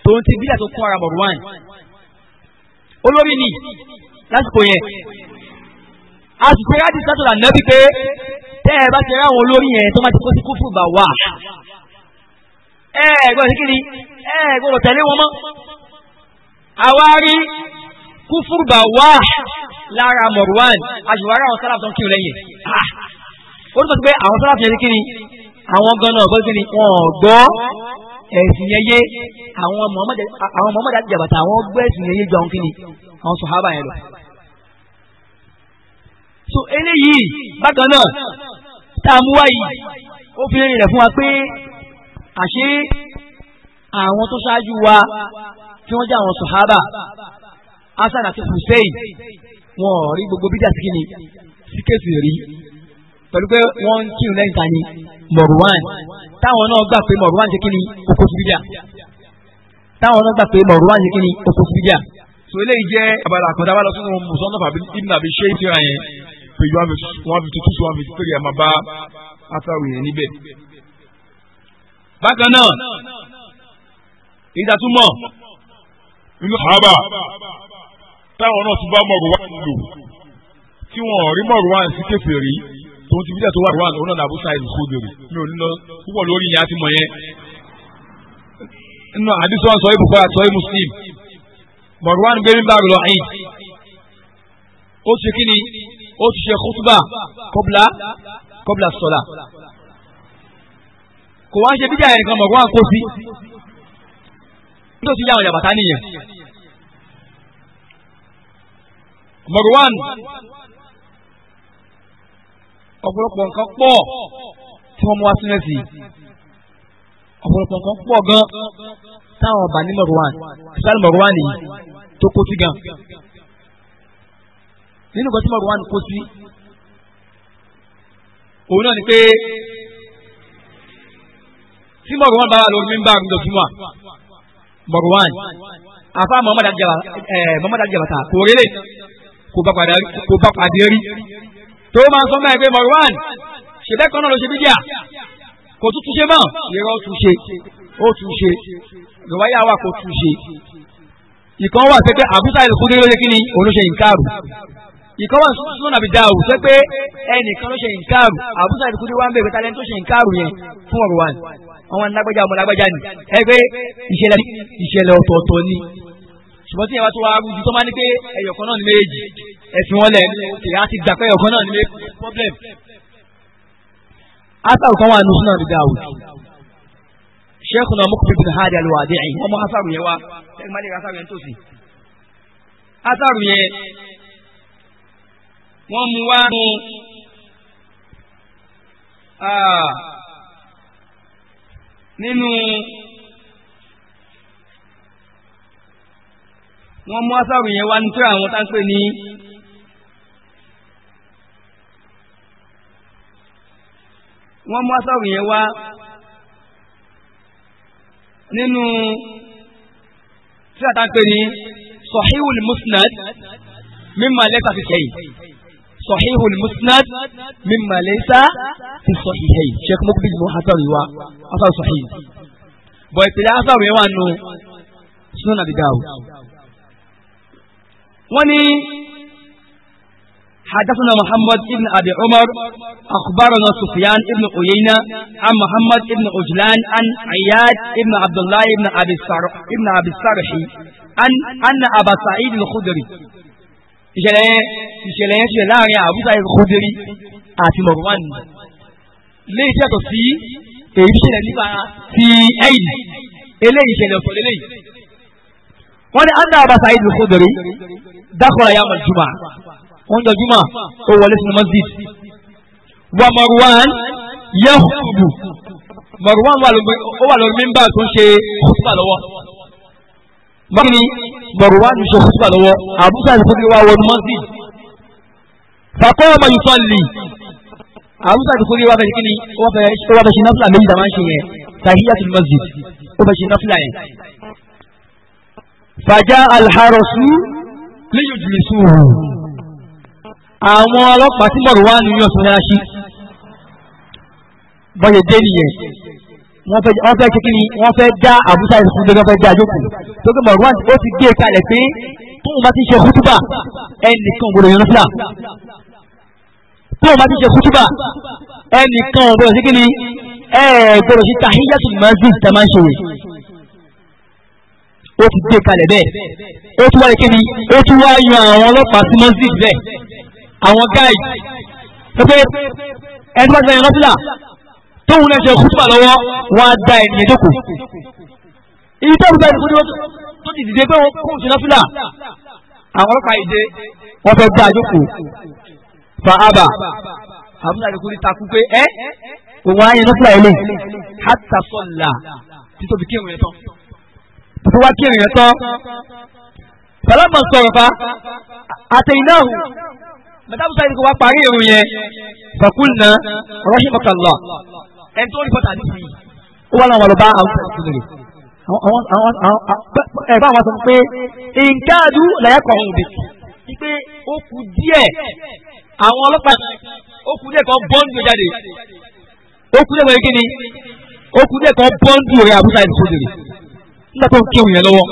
tòun ti bílà tó kún ara Marwan olórí ni lásìkò yẹn àsìkò yẹn á ti sátọ̀lá nẹ́bí pé tẹ́ ẹ bá ti rí àwọn olórí yẹn tó máa ti kó sí kúfù bá wà ẹ ẹ gbọ́dọ̀ sí kí ni ẹ ẹ gbọ́dọ̀ tẹ̀lé wọn mọ́ àwa rí kúfúrú bá wá lára Marwan àṣùwárà àwọn sálàfù tó ń kí lẹ́yìn ó ní pàtó pé àwọn sálàfù yẹn kí ni àwọn gan náà gbọ́ kí ni wọn ò gbọ́ ẹ̀sìn yẹn yé àwọn Muhammad àti jàbàtà àwọn gbọ́ ẹ̀sìn yẹn yé jọ kí ni àwọn sọ̀hábà yẹn lọ. so eléyìí bákan náà tá a mú wáyìí ó fi rẹ̀ fún wa pé àṣé àwọn tó ṣáájú wa tí wọ́n jẹ́ àwọn sọ̀hábà hasan àti hussein wọn ò rí gbogbo bídà sí ni síkèsì rí pẹ̀lú pé wọ́n ń kírun lẹ́yìn tani Marwan táwọn náà gbà pé Marwan ṣe kí ni oko sí bídà táwọn náà gbà pé Marwan ṣe kí ni oko sí bídà. sọ eléyìí jẹ́ abala àkàndá wa lọ sínú musonaf ibn abi sheikh ti ra yẹn page one fifty two to one fifty three ẹ̀ máa bá asáwì yẹn níbẹ̀. bákan náà ìdàtúmọ̀ nínú sàhábà táwọn náà tún bá mọ̀rùwá lò tí wọ́n rí mọ̀rùwá sí kéfè rí tòun ti bí dẹ̀ tó wà rúwà lòun náà làbúsà ìlúkúdèrè mi ò ní lọ púpọ̀ lórí yẹn àti mọ̀ yẹn. nínú àdìsọ́ sọ ibùkọ́ àti sọ muslim mọ̀rùwá ń gbé nígbà rẹ̀ lọ́yìn ó ṣe kí ni ó ti ṣe kútúbà kọ́bla kọ́bla sọ́la kò wá ń ṣe bíjà ẹ̀rìn kan mọ̀rùwá kó sí nítorí yàwọn yàbàtà nìyẹn. Marwan ọ̀pọ̀lọpọ̀ nǹkan pọ̀ tí wọ́n mú wá sílẹ̀ sí ọ̀pọ̀lọpọ̀ nǹkan pọ̀ gan táwọn ọba ní Marwan sáré Marwan yìí tó kó sí gan nínú nǹkan tí Marwan kó sí òun náà ni pé tí Marwan bá wà lórí mímbà àrùn dọ̀túnwà Marwan àfa Muhammad Jabata eh, kò rélé kò bá padà rí kò bá padà rí tó máa sọ báyìí pé Marwan ṣẹbẹ́ kan náà ló ṣe bídíà kò tún túnṣe mọ́ ìrọ̀ túnṣe ó túnṣe lọ́wọ́yà wà kò túnṣe ìkan wà pé àbúsà ìlúkúndé ló ṣe kí ni òun ló ṣe ìǹkaàrù ìkan wà sọ́nà àbí dáàrù pé pé ẹnìkan ló ṣe ìǹkaàrù àbúsà ìlúkúndé wà ń bèèrè tálẹ́ńtì tó ṣe ìǹkaàrù yẹn fún Marwan àwọn lágbájá ọmọ lágbájá ni ẹgbẹ́ ìṣẹ̀lẹ̀ ọ̀tọ̀ọ̀tọ̀ ni ṣùgbọ́n tí ìyàwó tó wá rújú tó máa ní pé ẹ̀yọ̀kan náà ní méjì ẹ̀sìn wọn lẹ̀ kìí á ti gbà pé ẹ̀yọ̀kan náà ní méjì problem. asaru kan wà nù sunan ní Dawud Sheikhuna Muqbil bin Hadi al-Wadi'i ẹ̀yìn ọmọ asaru yẹn wá ṣẹ́gun malik asaru yẹn tòsí. asaru yẹn wọ́n mú wá nù nínú. Ah, wọ́n mú asáàrù yẹn wá nítorí àwọn tá ń pè ní wọ́n mú asáàrù yẹn wá nínú tí a ta ń pè ní sahihul musnad mimma laysa fi sahih sahihul musnad mimma laysa fi sahihayn sheikh mokbi mo asáàrù yẹn wá asáàrù sahih bọ̀ ìpìlẹ̀ asáàrù yẹn wà nù sunan abi dawud wọ́n ní حدثنا محمد بن أبي عمر أخبرنا سفيان بن عيينة عن محمد بن عجلان عن عياد بن عبد الله بن أبي السرح بن أبي السرح عن أن أبا سعيد الخدري ìṣẹ̀lẹ̀ ìṣẹ̀lẹ̀ yẹn ṣẹlẹ̀ láàrin Abu Sa'id al-Khudri àti Marwan lè ṣẹ̀tọ̀ sí èyí ṣẹlẹ̀ nípa ti ẹ̀yìn eléyìí ṣẹlẹ̀ ọ̀tọ̀ lélẹ́yìí wọ́n ní anna abasa ayé lùkúdìrí dákọ̀rọ̀ ayé àmà jùmọ̀ wọ́n jọ jùmọ̀ ó wọlé sínú masjid wa marwan yahudu marwan ó wà lórí mímbà tó ń ṣe kútùbà lọ́wọ́ báyìí marwan ń ṣe kútùbà lọ́wọ́ àbúkà ìfúnni wa wọnú masjid fàkọ́ ọmọ yìí sọ lì àbúkà ìfúnni wa bẹ̀rẹ̀ kí ni wọ́n fẹ́ ṣe náfìlà méjì tàbí ṣe yẹn tàhíyàtul masjid ó fẹ́ ṣe náfìlà yẹn fàjá alhárọ̀sù léyìn òjìlè sóòrò àwọn ọlọ́pàá tí mọ̀rọ̀ wá nínú ọ̀sán yára sí bọ́yẹ̀ dé nìyẹn wọ́n fẹ́ kíkí ni wọ́n fẹ́ já àbúta ìfún gbẹ́gbẹ́ fẹ́ já jókòó tó gbé mọ̀rọ̀ wá ó ti gbé e kalẹ̀ pé tóun bá ti ṣe kútúbà ẹnìkan gbọdọ̀ yọ̀nà fúlà tóun bá ti ṣe kútúbà ẹnìkan gbọdọ̀ sí kí ni ẹ̀ẹ́dọ̀rọ̀ sí tàhíyàtù mọ́sí tẹ̀ ó ti dé kalẹ̀ bẹ́ẹ̀ ó tún wá yẹ kíni ó tún wá yan àwọn ọlọ́pàá sí mọ́sídìí bẹ́ẹ̀ àwọn gáì pépé ẹni tó bá ti sẹ́yìn lọ́sílà tóun náà ṣe kútùbà lọ́wọ́ wọn á da ènìyàn jókòó ibi tó bá ti tó ti dìde pé wọn kún sí lọ́sílà àwọn ọlọ́pàá yìí dé wọ́n fẹ́ gbá jókòó fa aba àbúrò àdìkú ní takú pé ẹ òun á yan lọ́sílà yìí lè hàtà sọ̀là títóbi kí èèyàn tán tó wá kí ènìyàn tán sàlámà sọ̀rọ̀ fa àtẹ̀yìnáhù mẹ́tàbù sáyẹn kò wá parí irun yẹn fàkúlnà rahimakallah ẹni tó ń fọ́tà àdìsí yìí ó wà láwọn ọlọ́ba àwọn ọ̀sẹ̀ ẹ̀ bá wọn sọ pé nǹkan àdú làyàkọ̀ ọ̀hún bì í pé ó kù díẹ̀ àwọn ọlọ́pàá ó kù díẹ̀ kan bọ́ǹdù jáde ó kù díẹ̀ kan kí ni ó kù díẹ̀ kan bọ́ǹdù rẹ̀ àbúrò àìsàn òdòdó nígbà tó ń kí òun yẹn lọ́wọ́.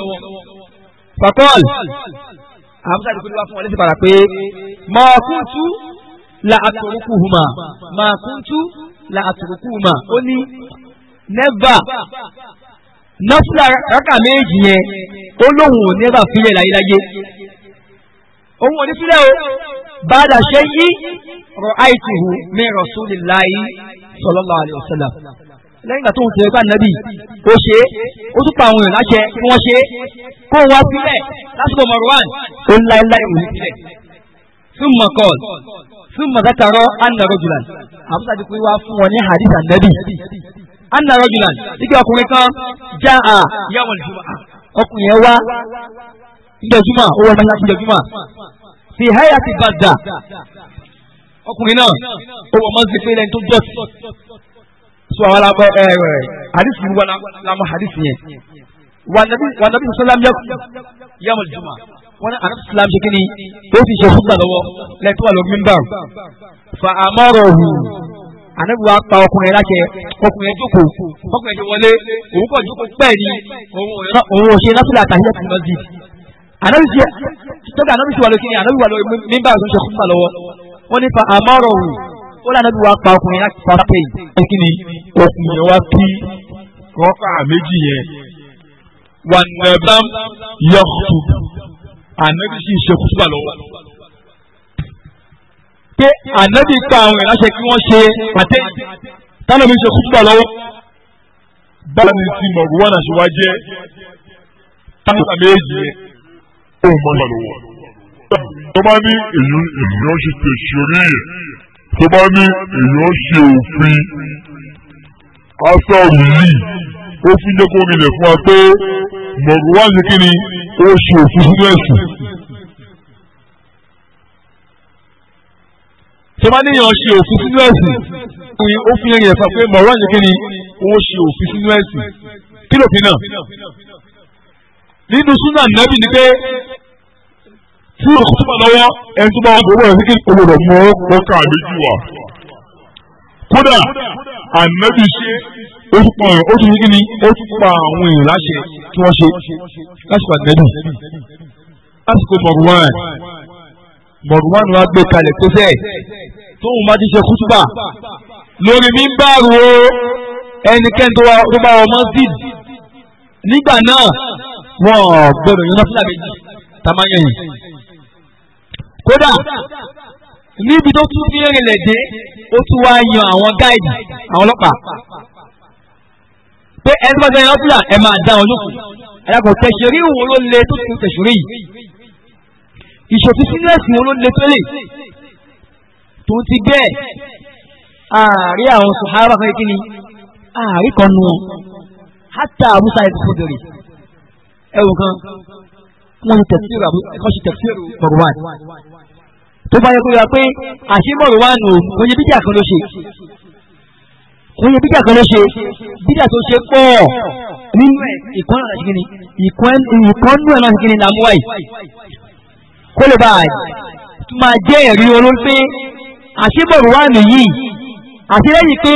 fakọ́ọ̀lì àmúṣà ìdíkùn wá fún wọn lẹ́sìn padà pé máa kún tú la àtòrúkù hùmà máa kún tú la àtòrúkù hùmà ó ní nẹ́bà nọ́fúlà rákà méjì yẹn ó lóun ò nẹ́bà fílẹ̀ láyéláyé òun ò ní fílẹ̀ o bàdà ṣe yí rọ̀ àìtìhù min rasulillahi sallallahu alaihi wasallam lẹ́yìn ìgbà tó ń sọ ẹgbẹ́ ànábì ó ṣe é ó tún pa àwọn èèyàn láṣẹ kí wọ́n ṣe é kó wá sílẹ̀ lásìkò Marwan ó ń láéláé òun sílẹ̀ fún mọ̀kọ́l fún mọ̀tàtàrọ̀ anna rajulan àbúrò àti pé wá fún wọn ní hadith ànábì anna rajulan nígbà ọkùnrin kan já a yawmal jumu'ah ọkùnrin yẹn wá ìjọjúmọ̀ ó wọ́n mọ́lá ìjọjúmọ̀ fi hayati Baghdad ọkùnrin náà ó wọ́n mọ́ so àwọn alamọ ẹ ni. hadisi wa lamọ hadisi yẹn wa nabi wa nabi musalam yaku yamu juma wọn àná silam ṣe kíni ó fi ṣe fúnpa lọ́wọ́ lẹtọ àlọ mímbà fa àmọrọ hù ànábi wa pa ọkùnrin láṣẹ ọkùnrin jókòó ọkùnrin ti wọlé òun kò jókòó pẹ́ẹ́ ni òun ò ṣe násìlẹ̀ àtàkìlẹ̀ tó lọ sí ànábi ṣe tọ́ka ànábi ṣe wà lókè ni ànábi wà lókè mímbà tó ṣe fúnpa lọ́wọ́ wọ́n ní fa àmọrọ ó lànà bí wàá pa ọkùnrin láti pa pé yìí kí ni ọkùnrin yẹn wá kí rọ́kà méjì yẹn wà nàbàm yọ̀kùtù ànábì sì ṣe kútùbà lọ́wọ́. pé ànábì pa àwọn èèyàn láṣẹ kí wọ́n ṣe pàtẹ́ tánàbì ṣe kútùbà lọ́wọ́. báwo ni ti mọ̀rù wọn àṣẹ wá jẹ́ táwọn méjì yẹn ó mọ̀ lọ́wọ́. tó ní èyí èyí ṣe tẹ̀sí orí yẹn tó bá ní èèyàn ṣe òfin asọ́ọ̀rù yìí ó fi jẹ́ kó rinlẹ̀ fún wa pé gbọ̀ngàn wá sí kíni ó ṣe òfin sínú ẹ̀sìn. tó bá níyàn ṣe òfin sínú ẹ̀sìn ó fi yẹn yẹn sọ pé gbọ̀ngàn wá sí kíni ó ṣe òfin sínú ẹ̀sìn kí lòfin náà nínú súnà nẹ́bì ni pé tí o kútùbà lọ́wọ́ ẹni tó bá wọn gbowó ẹ̀ sí kí o gbọdọ̀ mú ọkà méjì wá. kódà ànábì ṣe ó tún pa ó tún kí ni ó tún pa àwọn èèyàn láṣẹ tí wọ́n ṣe láti pa nẹ́bì lásìkò mọ̀rùwán mọ̀rùwán wa gbé kalẹ̀ tó fẹ́ tóun bá ti ṣe kútùbà lórí mímbàrú o ẹnikẹ́ni tó bá wọ mọ́sídìí nígbà náà wọ́n gbọ́dọ̀ yọ náà fúlàbẹ́jì tá kódà níbi tó tún fi rìnlẹ̀ dé ó tún wá yan àwọn gáìdì àwọn ọlọ́pàá pé ẹ tó bá sẹ́yìn ọ́fíà ẹ máa dá wọn lókun ẹ̀dàkùn tẹ̀sírí wo ló le tó tún tẹ̀sírí yìí ìṣòtú sílẹ̀sì wo ló le tó lè tó ti bẹ́ẹ̀ ààrí àwọn sùhárà kan kí ni ààrí kan nu wọn hátà àbúsá ẹ̀dùn fún dèrè ẹ̀wù kan wọ́n ti tẹ̀sírí ẹ̀kọ́ ṣe tẹ̀sírí kọ̀rọ̀wá tó bá yẹ kó yà pé àṣemọ̀rọ̀ wà nù kò yẹ bíjà kan ló ṣe kò yẹ bíjà kan ló ṣe bíjà tó ṣe pọ̀ nínú ìkọ́nù àti kìnnì ìkọ́nù ẹ̀ náà kìnnì làmú wáyé kó lè bá a tó máa jẹ́ ẹ̀rí olóńpé àṣemọ̀rọ̀ wà nù yìí àṣelẹ́yìn pé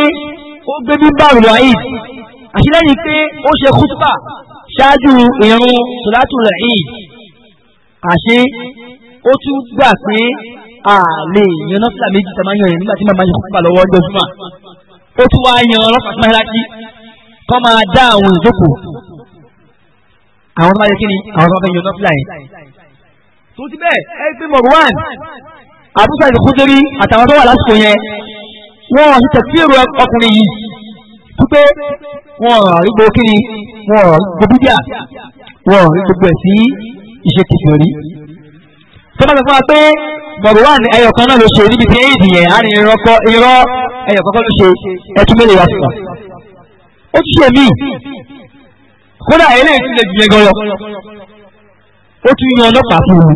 ó gbé bíbá òlò àìd àṣelẹ́yìn pé ó ṣe kútùbà ṣáájú ìrun sọ̀dátù rẹ̀ àìd àṣe ó tún gbà pé a lè yan nọ́fìlà méjì tá a máa yan yẹn nígbà tí màmá yẹn kópa lọ́wọ́ ọjọ́ fún wa ó tún wáá yan ọlọ́pàá tí máa láti kọ́ máa dá àwọn ìjókòó àwọn tó bá àwọn tó fẹ́ yan nọ́fìlà yẹn. tó ti bẹ́ẹ̀ ẹ pé Marwan àbúṣà ìdókòjẹ́rí àtàwọn tó wà lásìkò yẹn wọ́n ti tẹ̀síìrù ọkùnrin yìí pípé wọ́n rí gbogbo kí wọ́n rí gbogbo bíbíà wọ́n rí gbogbo ẹ̀ sí tó bá sọ fún wa pé Marwan ẹyọ kan náà ló ṣe níbi tí éèdì yẹn á ní irọ́ ẹyọ kan ló ṣe ẹtún mélòó wá sí wa ó ti ṣe míì kódà eléyìí ti lè jù yẹn gọyọ ó tún yan ọlọ́pàá fún un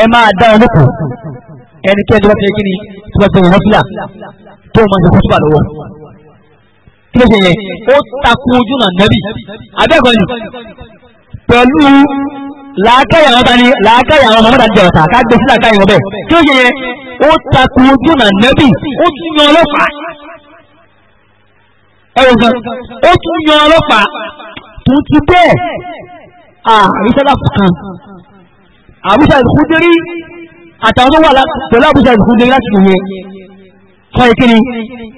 ẹ máa dá ọlọ́pàá ẹni tí ẹni bá ti yẹ kí ni tí wọ́n ti yàn lọ́fíà tó máa ṣe kútùbà lọ́wọ́ kí ló ṣe yẹn ó takun ojú náà nẹ́bì abẹ́ẹ̀kọ́ ni pẹ̀lú làákàyà wọn bá ní làákàyà wọn mọ̀mọ́dà jẹ ọ̀tà ká gbé sílẹ̀ káyọ̀ bẹ́ẹ̀ tí ó yẹ yẹ ó takò ojú ọ̀nà nẹ́bì ó tún yan ọlọ́pàá ẹ̀rọ kan ó tún yan ọlọ́pàá tó ti bẹ́ẹ̀ àbísọ́lá kan àbúṣà ìkúndérí àtàwọn tó wà pẹ̀lú àbúṣà ìkúndérí láti lò yẹn fún ẹ̀kí ni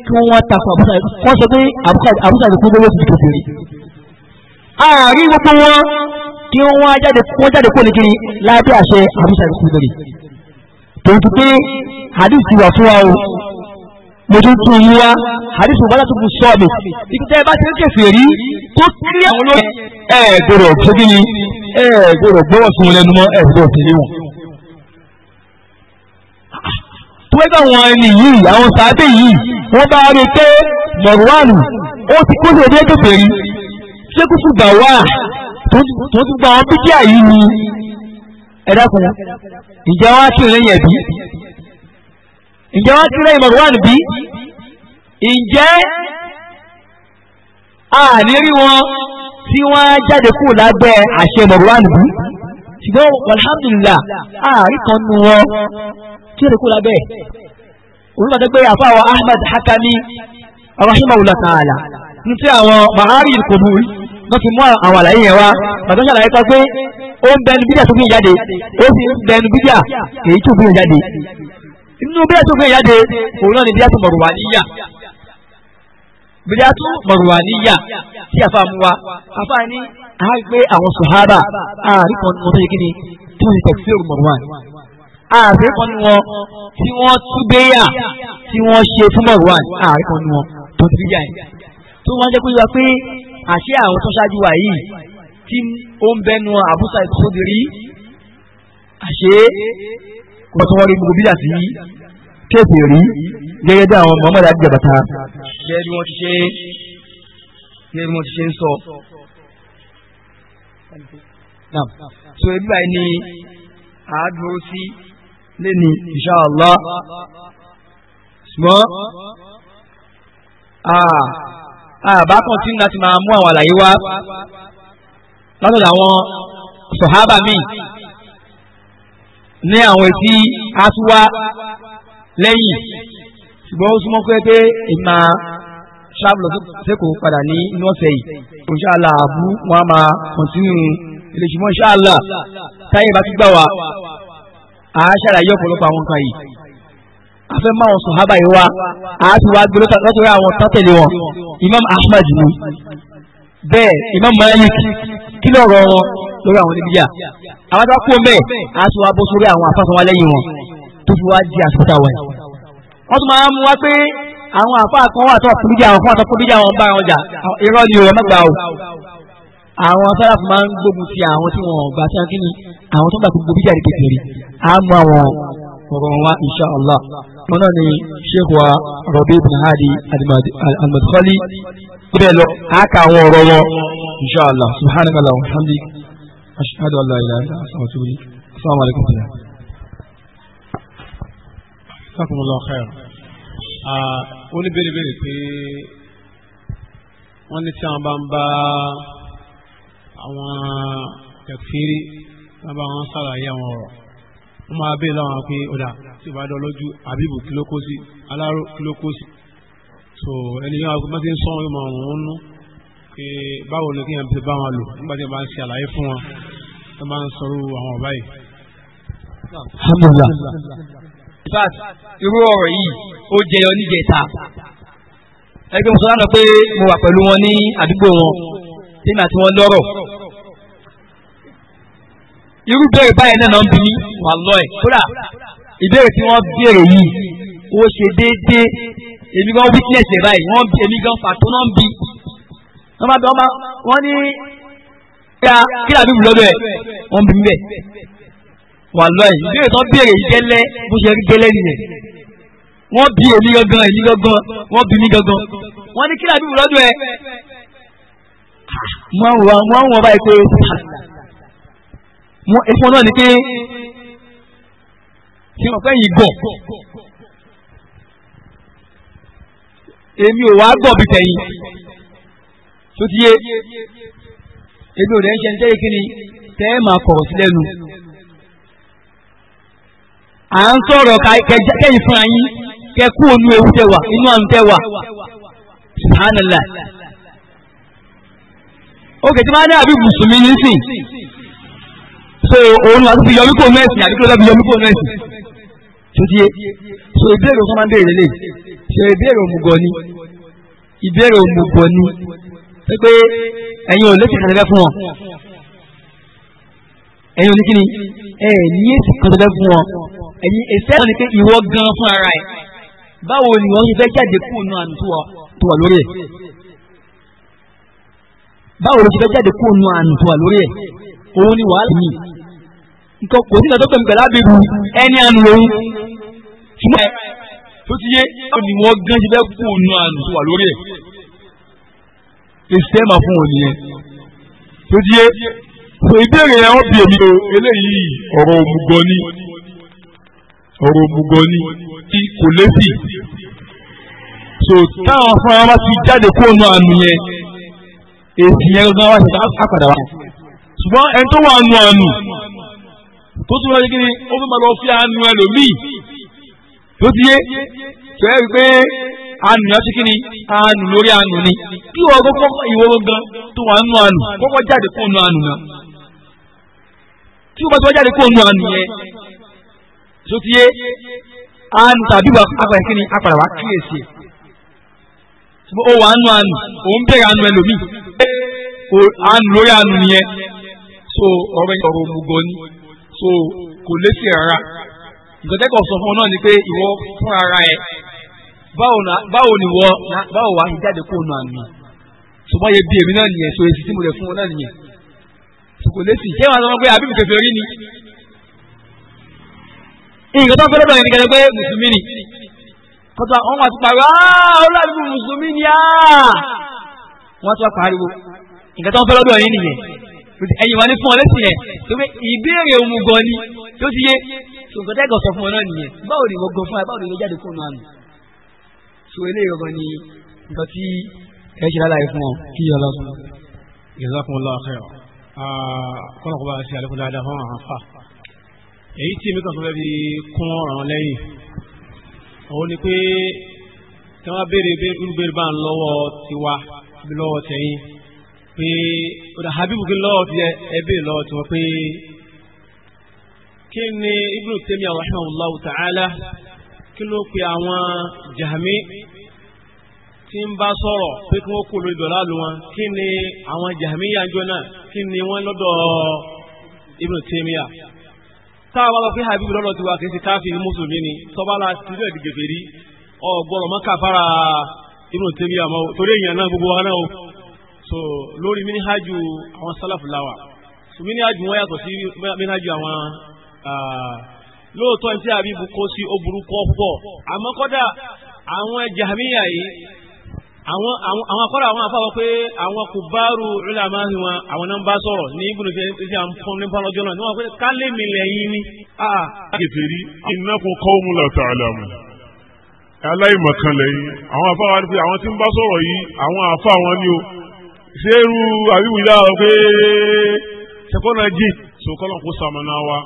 kí wọ́n takò àbúṣà ìkúndérí wọ́n sọ pé àbúṣà ìkúndérí ó ti dìbò kí wọ́n wá jáde wọ́n jáde kó ní kiri lábẹ́ àṣẹ àbúṣà ìṣúgbèrè tó ti pé hadith ti wà fún wa o mo tún tún yí wá hadith bọ́lá tó fún sọ́ọ̀mù ìkútẹ́ bá ti ń kẹfì rí tó kí àwọn olóyè ẹ gbọ́dọ̀ ṣókí ni ẹ gbọ́dọ̀ gbọ́wọ́ sí wọn lẹ́nu mọ́ ẹ gbọ́dọ̀ tẹ̀lé wọn. tó bá wọn ẹni yìí àwọn sàábẹ̀ yìí wọ́n bá rí pé mọ̀rùwánù ó ti kó lè dé tó bẹ̀rí ṣé kúkú gbà wá tó ti gba àwọn bídíà yìí ni ẹ̀dá kọjá ìjẹ́ wá sí lẹ́yìn ẹ̀bí ìjẹ́ wá sí lẹ́yìn mọ̀gbọ́n bí ìjẹ́ àníri wọn tí wọ́n jáde kúrò lábẹ́ àṣẹ mọ̀gbọ́n bí ṣùgbọ́n alhamdulillah àárín kan nu wọn tí ó lè kúrò lábẹ́ òun náà gbé àfáwọn Ahmad Hakami rahimahullah ta'ala ní tí àwọn mahari kò bú wọ́n ti mú àwọn àlàyé yẹn wá bàtà ṣàlàyé pa pé ó ń bẹnu bídíà tó fi jáde ó sì ń bẹnu bídíà èyí tó fi jáde inú bídíà tó fi jáde òun náà ni bídíà tó mọ̀rùwà níyà bídíà tó mọ̀rùwà níyà tí àfa mú wa àfa ní àgbé àwọn sòhábà àríkàn ní wọn tó yẹ kí ni tó ń tẹ̀ sí mọ̀rùwà àríkàn ní wọn tí wọ́n túbéyà tí wọ́n ṣe fún mọ̀rùwà àríkàn ní wọn tó ti bídíà yẹn tó wọ́n jẹ́ pé àṣé àwọn tó ṣáájú wa yìí tí ó ń bẹnu àbúsà ìkódìrí àṣé kò tó wọ́n rí gbogbo bídà sí kéèpì rí gẹ́gẹ́ bí àwọn Muhammad Ali gẹ́gẹ́ bí wọ́n ti ṣe gẹ́gẹ́ bí wọ́n ti ṣe ń sọ. so ebi báyìí ni àádúró sí lẹ́ni insha Allah ṣùgbọ́n. Ah, àbá kan tí nígbà tí máa mú àwọn àlàyé wá látọ̀dọ̀ àwọn sọ̀hábà míì ní àwọn etí àtúwá lẹ́yìn ṣùgbọ́n ó súnmọ́ pé pé ìmà ṣáàbùlọ sẹ́kọ̀ padà ní inú ọ̀sẹ̀ yìí inshallah àbú wọn a máa kọ̀ntínú ilé ṣùgbọ́n inshallah táyé bá ti gbà wá àá ṣàlàyé ọ̀pọ̀lọpọ̀ àwọn kan yìí afẹ́ máa wọn sọ̀hábà yìí wá àti wá gbé lọ́tọ̀ rẹ̀ àwọn tọ́tẹ̀lé wọn Imam Ahmad ni bẹ́ẹ̀ Imam Malik kí lọ́rọ̀ wọn lórí àwọn oníbíyà àwọn tó kú mẹ́ẹ̀ àti wá bó sórí àwọn afáfẹ́ wọn lẹ́yìn wọn tó fi wá di àṣìkòtà wọn. wọ́n tún máa ń mú wá pé àwọn àfáà kan wà tó àpòlíjà àwọn fún àtọ́pọ̀líjà àwọn bá wọn jà irọ́ ni òwe mẹ́gbàá o àwọn sáláfù máa ń gbógun ti àwọn tí wọn gbà sáà kí ni àwọn tó gbà gbogbo bíjà ní kékeré á mú àwọn ọ̀rọ̀ wọn wá insha Allah wọn náà ni sheikh wa rabi ibn hadi al-madkhali bẹ́ẹ̀ lọ àáka àwọn ọ̀rọ̀ wọn inshàlá subhanakallah alhamdulilayi ashhadu an la ilaha illa anta astaghfiruka assalamu alaikum wa rahmatullahi. Jazakumullahu khair. wọ́n ní tí àwọn bá ń bá àwọn tẹ̀fírí, wọ́n bá wọn ṣàlàyé àwọn ọ̀rọ̀ wọ́n máa bẹ́ẹ̀ láwọn pé ọ̀dà tí ìbá lójú àbíbù kí ló kó sí aláró kí ló kó sí so ẹni yóò máa máa ń sọ wọn máa wọn nú pé báwo ni kí yẹn ti bá wọn lò nígbà tí wọ́n bá ń ṣe àlàyé fún wọn wọ́n máa ń sọ̀rọ̀ àwọn ọ̀bá yìí. alhamdulilah fact irú ọ̀rọ̀ yìí ó jẹyọ níjẹta ẹgbẹ́ musa lọ pé mo wà pẹ̀lú wọn ní àdúgbò wọn tèmi àti wọn lọ́rọ̀ irú bẹ́ẹ̀ báyìí náà ń bí mi wàlọ́ọ̀ kódà ìbéèrè tí wọ́n béèrè yìí ó ṣe déédéé èmi gan witness ẹ̀ báyìí wọ́n bí èmi gan pàtó náà ń bí wọ́n bá bẹ́ẹ̀ wọ́n ní kí làbí wù lọ́dọ̀ ẹ̀ wọ́n bí bẹ́ẹ̀ wàlọ́ọ̀ ìbéèrè tí wọ́n béèrè yìí gẹ́lẹ́ bó ṣe rí gẹ́lẹ́ nìyẹn wọ́n bí èmi gangan èmi gangan wọ́n bí mi gangan wọ́n ní kí làbí wù lọ́dọ̀ ẹ̀ ah, mo àwọn ọba ẹ̀ pé mo náà ni pé kí wọ́n fẹ́ yín gọ̀ èmi ò wá gọ̀ bí tẹ̀yìn tó ti yé èmi ò rẹ̀ ń ṣe ń tẹ́yẹ kí ni tẹ́ ẹ máa kọ̀rọ̀ sí lẹ́nu à ń sọ̀rọ̀ kẹ́yìn fúnra yín kẹ́kú ònú ewu tẹ́wà inú àmì tẹ́wà subhanallah ókè tí wọ́n á ní àbí mùsùlùmí nísìn so òun àti fi yọmíkò mẹ́sìn àbí kí ló dá fi yọmíkò mẹ́sìn tó tiye so ìbéèrè kan máa ń béèrè lè ṣe ìbéèrè òmùgọ̀ ni ìbéèrè òmùgọ̀ ni pé pé ẹ̀yin ò létí kàtẹ́fẹ́ fún wọn ẹ̀yin ò ní kíni ẹ̀ ní èsì kàtẹ́fẹ́ fún wọn ẹ̀yin èsì ẹ̀rọ ni pé ìwọ gan fún ara ẹ̀ báwo ni wọ́n ṣe fẹ́ jáde kúrò nù àná tó wà lórí ẹ̀ báwo ló ṣe fẹ́ jáde kúrò nù àná tó wà lórí ẹ̀ òun ni wàhálà mi nǹkan kò sí ìgbà tó pẹ̀lú pẹ̀lú àbẹ̀bù ẹni àánú lòun ṣùgbọ́n ẹ̀ tó ti yé báwo ni wọ́n gán ṣẹlẹ̀ kú òun àánú tó wà lórí ẹ̀ ìsẹ́mà fún òun nìyẹn tó ti yé so ìbéèrè yẹn wọ́n bí èmi o eléyìí ọ̀rọ̀ òmùgọ̀ ni ọ̀rọ̀ òmùgọ̀ ni tí kò lésì so táwọn afárá wa ti jáde kó òun àánú yẹn èsì yẹn gangan wá ṣe ká padà wá ṣùgbọ́n ẹni tó tún lọ́ọ́ yékiri ó fi máa lọ fi àánú ẹlòmíì tó ti yé tó yẹ wípé àánú yẹn ti kíni àánú lórí àánú ni kí wọ́n kọ́kọ́ ìwọ gan tó wà nù àánú kọ́kọ́ jáde kó nù àánú náà tí wọ́n bá ti wá jáde kó nù àánú yẹn tó ti yé àánú tàbí wà apàdé kíni apàdé wà kíyèsí ó wà nù àánú òun bẹ̀rẹ̀ àánú ẹlòmíì àánú lórí àánú nìyẹn so ọ̀rọ̀ yẹn ọ̀rọ̀ òmùgọ̀ ni so kò lésì rárá ìtọ́jẹ́kọ̀ sọ fún ọ náà ni pé ìwọ fún ara ẹ báwo ni wọ báwo wà á jáde kó nù àná ṣùgbọ́n yẹ bí èmi náà nìyẹn so èsì tí mo rẹ̀ fún ọ náà nìyẹn so kò lésì ṣé wàá sọ pé àbí mi kẹfẹ́ rí ni nǹkan tó ń fẹ́ lọ́dọ̀ yẹn ni kẹ́lẹ́ pé mùsùlùmí ni kọ́tà wọn wà ti pariwo ọlọ́dún mùsùlùmí ni wọ́n ti wá pariwo nǹkan tó ń fẹ́ lọ́dọ̀ yẹn nìyẹn ẹ̀yìn wa ní fún ọ lẹ́sìn yẹn tó ìbéèrè òun gan ni tó ti yé sọ̀tọ̀ tẹ́gọ̀ sọ fún ọ náà nìyẹn báwo ni wọ́n gan fún ẹ báwo ni wọ́n jáde fún ọ náà nù. so eléyìí ọgbọ́n ni nǹkan tí ẹ ṣe láláyé fún ọ kí yọ lọ́sùn. jazakumullahu khairan ah, kọ́nà kó bá a ṣe àlékún dáadáa fún àwọn afa. èyí tí mi kàn fún bẹ́ẹ̀ kún ọ̀ràn lẹ́yìn òun ni pé tí wọ́n bá ń lọ́wọ́ pé ọ̀dà habibu kí ẹbí lọ́wọ́ wọ́n pé kí ni ibnu taymiya ta'ala kí ló pe àwọn jahmi tí ń bá sọ̀rọ̀ pé kí wọ́n kó lórí lu wọn kí ni àwọn jahmi yanjọ náà kí ni wọ́n lọ́dọ̀ ibnu taymiya habibu lọ́dọ̀ kì í ṣe mùsùlùmí ni tọ́ba la ti so lórí mínihàjú àwọn sálàfù láwà so mínihàjú wọn yàtọ̀ sí mínihàjú àwọn lóòótọ́ ní tí àbíbu kó sí ó burúkú púpọ̀ àmọ́ kọ́dà àwọn jahamiya yìí àwọn àwọn akọ́dà àwọn afáwọ́ pé àwọn kò báru ulama wọn àwọn náà ń bá sọ̀rọ̀ ní ibùdó tí tí à ń fọ́n ní pálọ́jọ́ náà ní wọ́n pé kálé mi lẹ́yìn ni. kẹfẹ́rí innakum qawmun la ta'lamun aláìmọ̀kan lẹ́yìn àwọn afáwọ́ àwọn tí ń bá sọ̀rọ̀ yìí àwọn afáwọn ni o ṣéèrú àwíwìlá ọ̀ pé ṣẹkọ́nà jì so kọ́nà kó sàmọ̀nà wa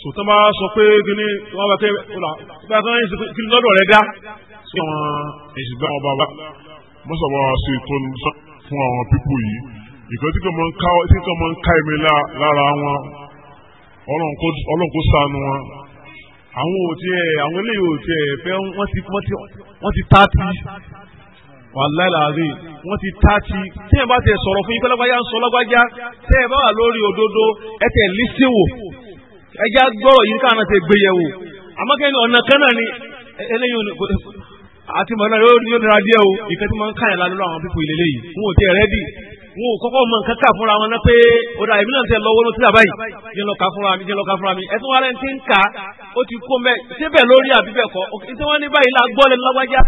so tó máa sọ pé kíní tó máa bá pé ọ̀là bá tó ń ṣe kíní lọ́dọ̀ rẹ dá sí àwọn ìṣùgbọ́n ọba wa mọ́sàbọ̀ ṣe ìtọ́nu fún àwọn pípò yìí ìkan tí kò mọ ń ká ẹ̀mí lára wọn ọlọ́run kó sànù wọn àwọn òtí ẹ̀ àwọn eléyìí òtí ẹ̀ fẹ́ wọ́n ti tá ti wàláì làárí wọ́n ti tá ti tí ẹ̀ bá tẹ̀ sọ̀rọ̀ fún yín lágbájá ń sọ lágbájá tẹ́ ẹ̀ bá wà lórí òdodo ẹ tẹ̀ lísèwò ẹjá gbọ́rọ̀ yìí káwọn tẹ̀ gbéyẹ̀wò àmọ́kẹ́ni ọ̀nà kan náà ni eléyìí àti mọ̀nà yóò nira díẹ̀ o ìkẹ́tí máa ń káyàn lálọ́ àwọn pípọ̀ ìlélẹ́yìí wọn ò tiẹ̀ rẹ́dì wọn ò kọ́kọ́ mọ nǹkan kà fúnra wọn náà pé ó dà èmi náà tẹ lọ́wọ́ ló ti dà báyìí jẹ́ lọ kà fúnra mi jẹ́ lọ kà fúnra mi ẹ̀sùn wa lẹ́ni tí ń kà ó ti kó mẹ́ síbẹ̀ lórí àbí bẹ́ẹ̀ kọ́ ṣé wọ́n ní báyìí lágbọ́ lẹ́nu lágbájá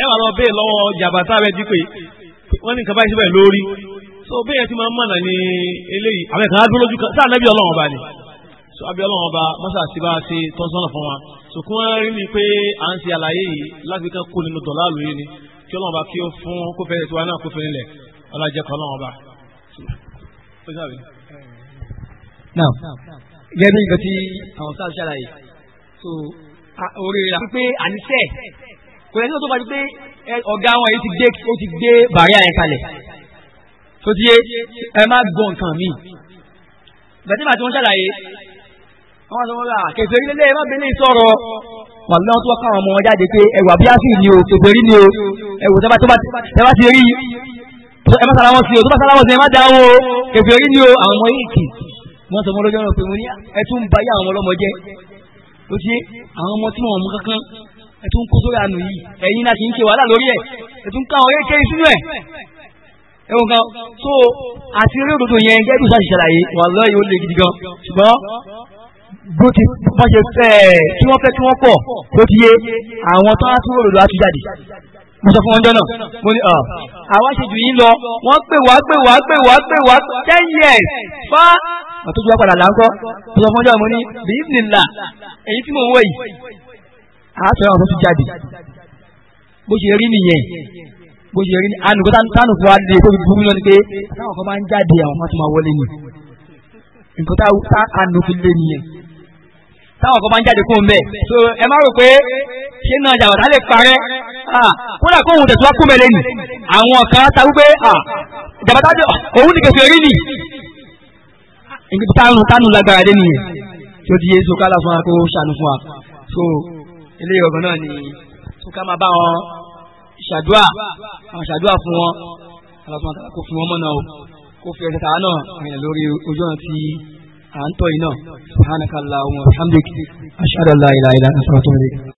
ẹ wà lọ bẹ́ẹ̀ lọ́wọ́ jàbátà rẹ̀ dípé wọ́n ní nǹkan báyìí síbẹ̀ lórí so bẹ́ẹ̀ ti máa ń mọ̀nà ní eléyìí àwọn ẹ̀ka dúró lójú ni so abẹ́ ọlọ́run ọba mọ́sá àti bá a ṣe tọ́sọ́nà fún wa so kí wọ́n ni kí ọlọ́run ọba kí ó fún kófẹ́ ọlọ́jẹ́ kọ́ lọ́wọ́ bá. now gẹ́gẹ́ bí nǹkan tí àwọn sáà ṣàlàyé so orí rà pé àníṣe kò lẹ́sìn tó bá di pé ọ̀gá wọn yìí ti gbé ó ti gbé bàárẹ̀ yẹn kalẹ̀ tó ti yé ẹ má gbọ́ nǹkan mi bẹ̀tẹ̀ bá ti wọ́n ṣàlàyé àwọn àti wọn là kẹsẹ̀ orí lélẹ̀ ẹ má bẹ̀lẹ̀ sọ̀rọ̀ wà lọ́wọ́ tó wọ́n káwọn ọmọ wọn jáde pé ẹwà bí a o kẹsẹ̀ ni o ẹwò tẹ́bá ẹ má sara wọn sí o tó bá sara wọn sí ẹ má dá wọn o kẹfẹ rí ni o àwọn ọmọ yìí kì wọn sọ ọmọ lọ́jọ́ náà pé mo ní ẹ tún ń ba yá àwọn ọlọ́mọ jẹ ó ti àwọn ọmọ tí wọn mú kankan ẹ kó sórí àánú yìí ẹ̀yin náà kì í ṣe wàhálà lórí ẹ ẹ ká ọ̀rẹ́ kéré sínú ẹ ẹwọn kan so àti eré òdodo yẹn gẹ́gẹ́ bí ṣàṣàlàyé wà lọ́yìn ó lè gidi gan ṣùgbọ́n bó ti bá ṣe fẹ́ kí wọ́n fẹ́ kí wọ́n pọ̀ bó ti yé àwọn tó á tún òdodo á tún jáde mo sọ fún wọn jọ́nà mo ní ọ̀ ah, àwa ṣe jù yín lọ wọ́n pè wá pè wá pè wá pè wá ten years fa àtúntò wa padà láńkọ́ mo sọ fún wọn jọ́nà mo ní bíi nìlà èyí tí mo wọ yìí àátọ̀ ọ̀rọ̀ tó jáde bó ṣe rí nìyẹn bó ṣe rí ní ànùkọ́ tánù fún wa lè tó fi bú mílíọ̀nù pé àtàwọn kan máa ń jáde àwọn máa tún máa wọlé ni nǹkan tá ànùkọ́ lé nìyẹn táwọn kan bá ń jáde kún un bẹ́ẹ̀ so ẹ má rò pé ṣé náà jàbàtà lè parẹ́ kódà kó òun tẹ̀síwá kú mẹ́lẹ́ nì àwọn kan ta wípé jàbàtà òun nìkan fi rí nì tánu tánu lágbára dé nìyẹn tí ó di yé so kálá fún wa kó ṣàánú fún wa so eléyìí ọ̀gbọ́n náà ni so ká máa bá wọn ṣàdúrà àwọn ṣàdúrà fún wọn kálá fún wa kó fún wọn mọ́nà o kó fi ẹsẹ̀ tàwa náà rìn lórí ojú ọ̀nà tí. أنتو إنو سبحانك اللهم وبحمدك أشهد أن لا إله إلا أنت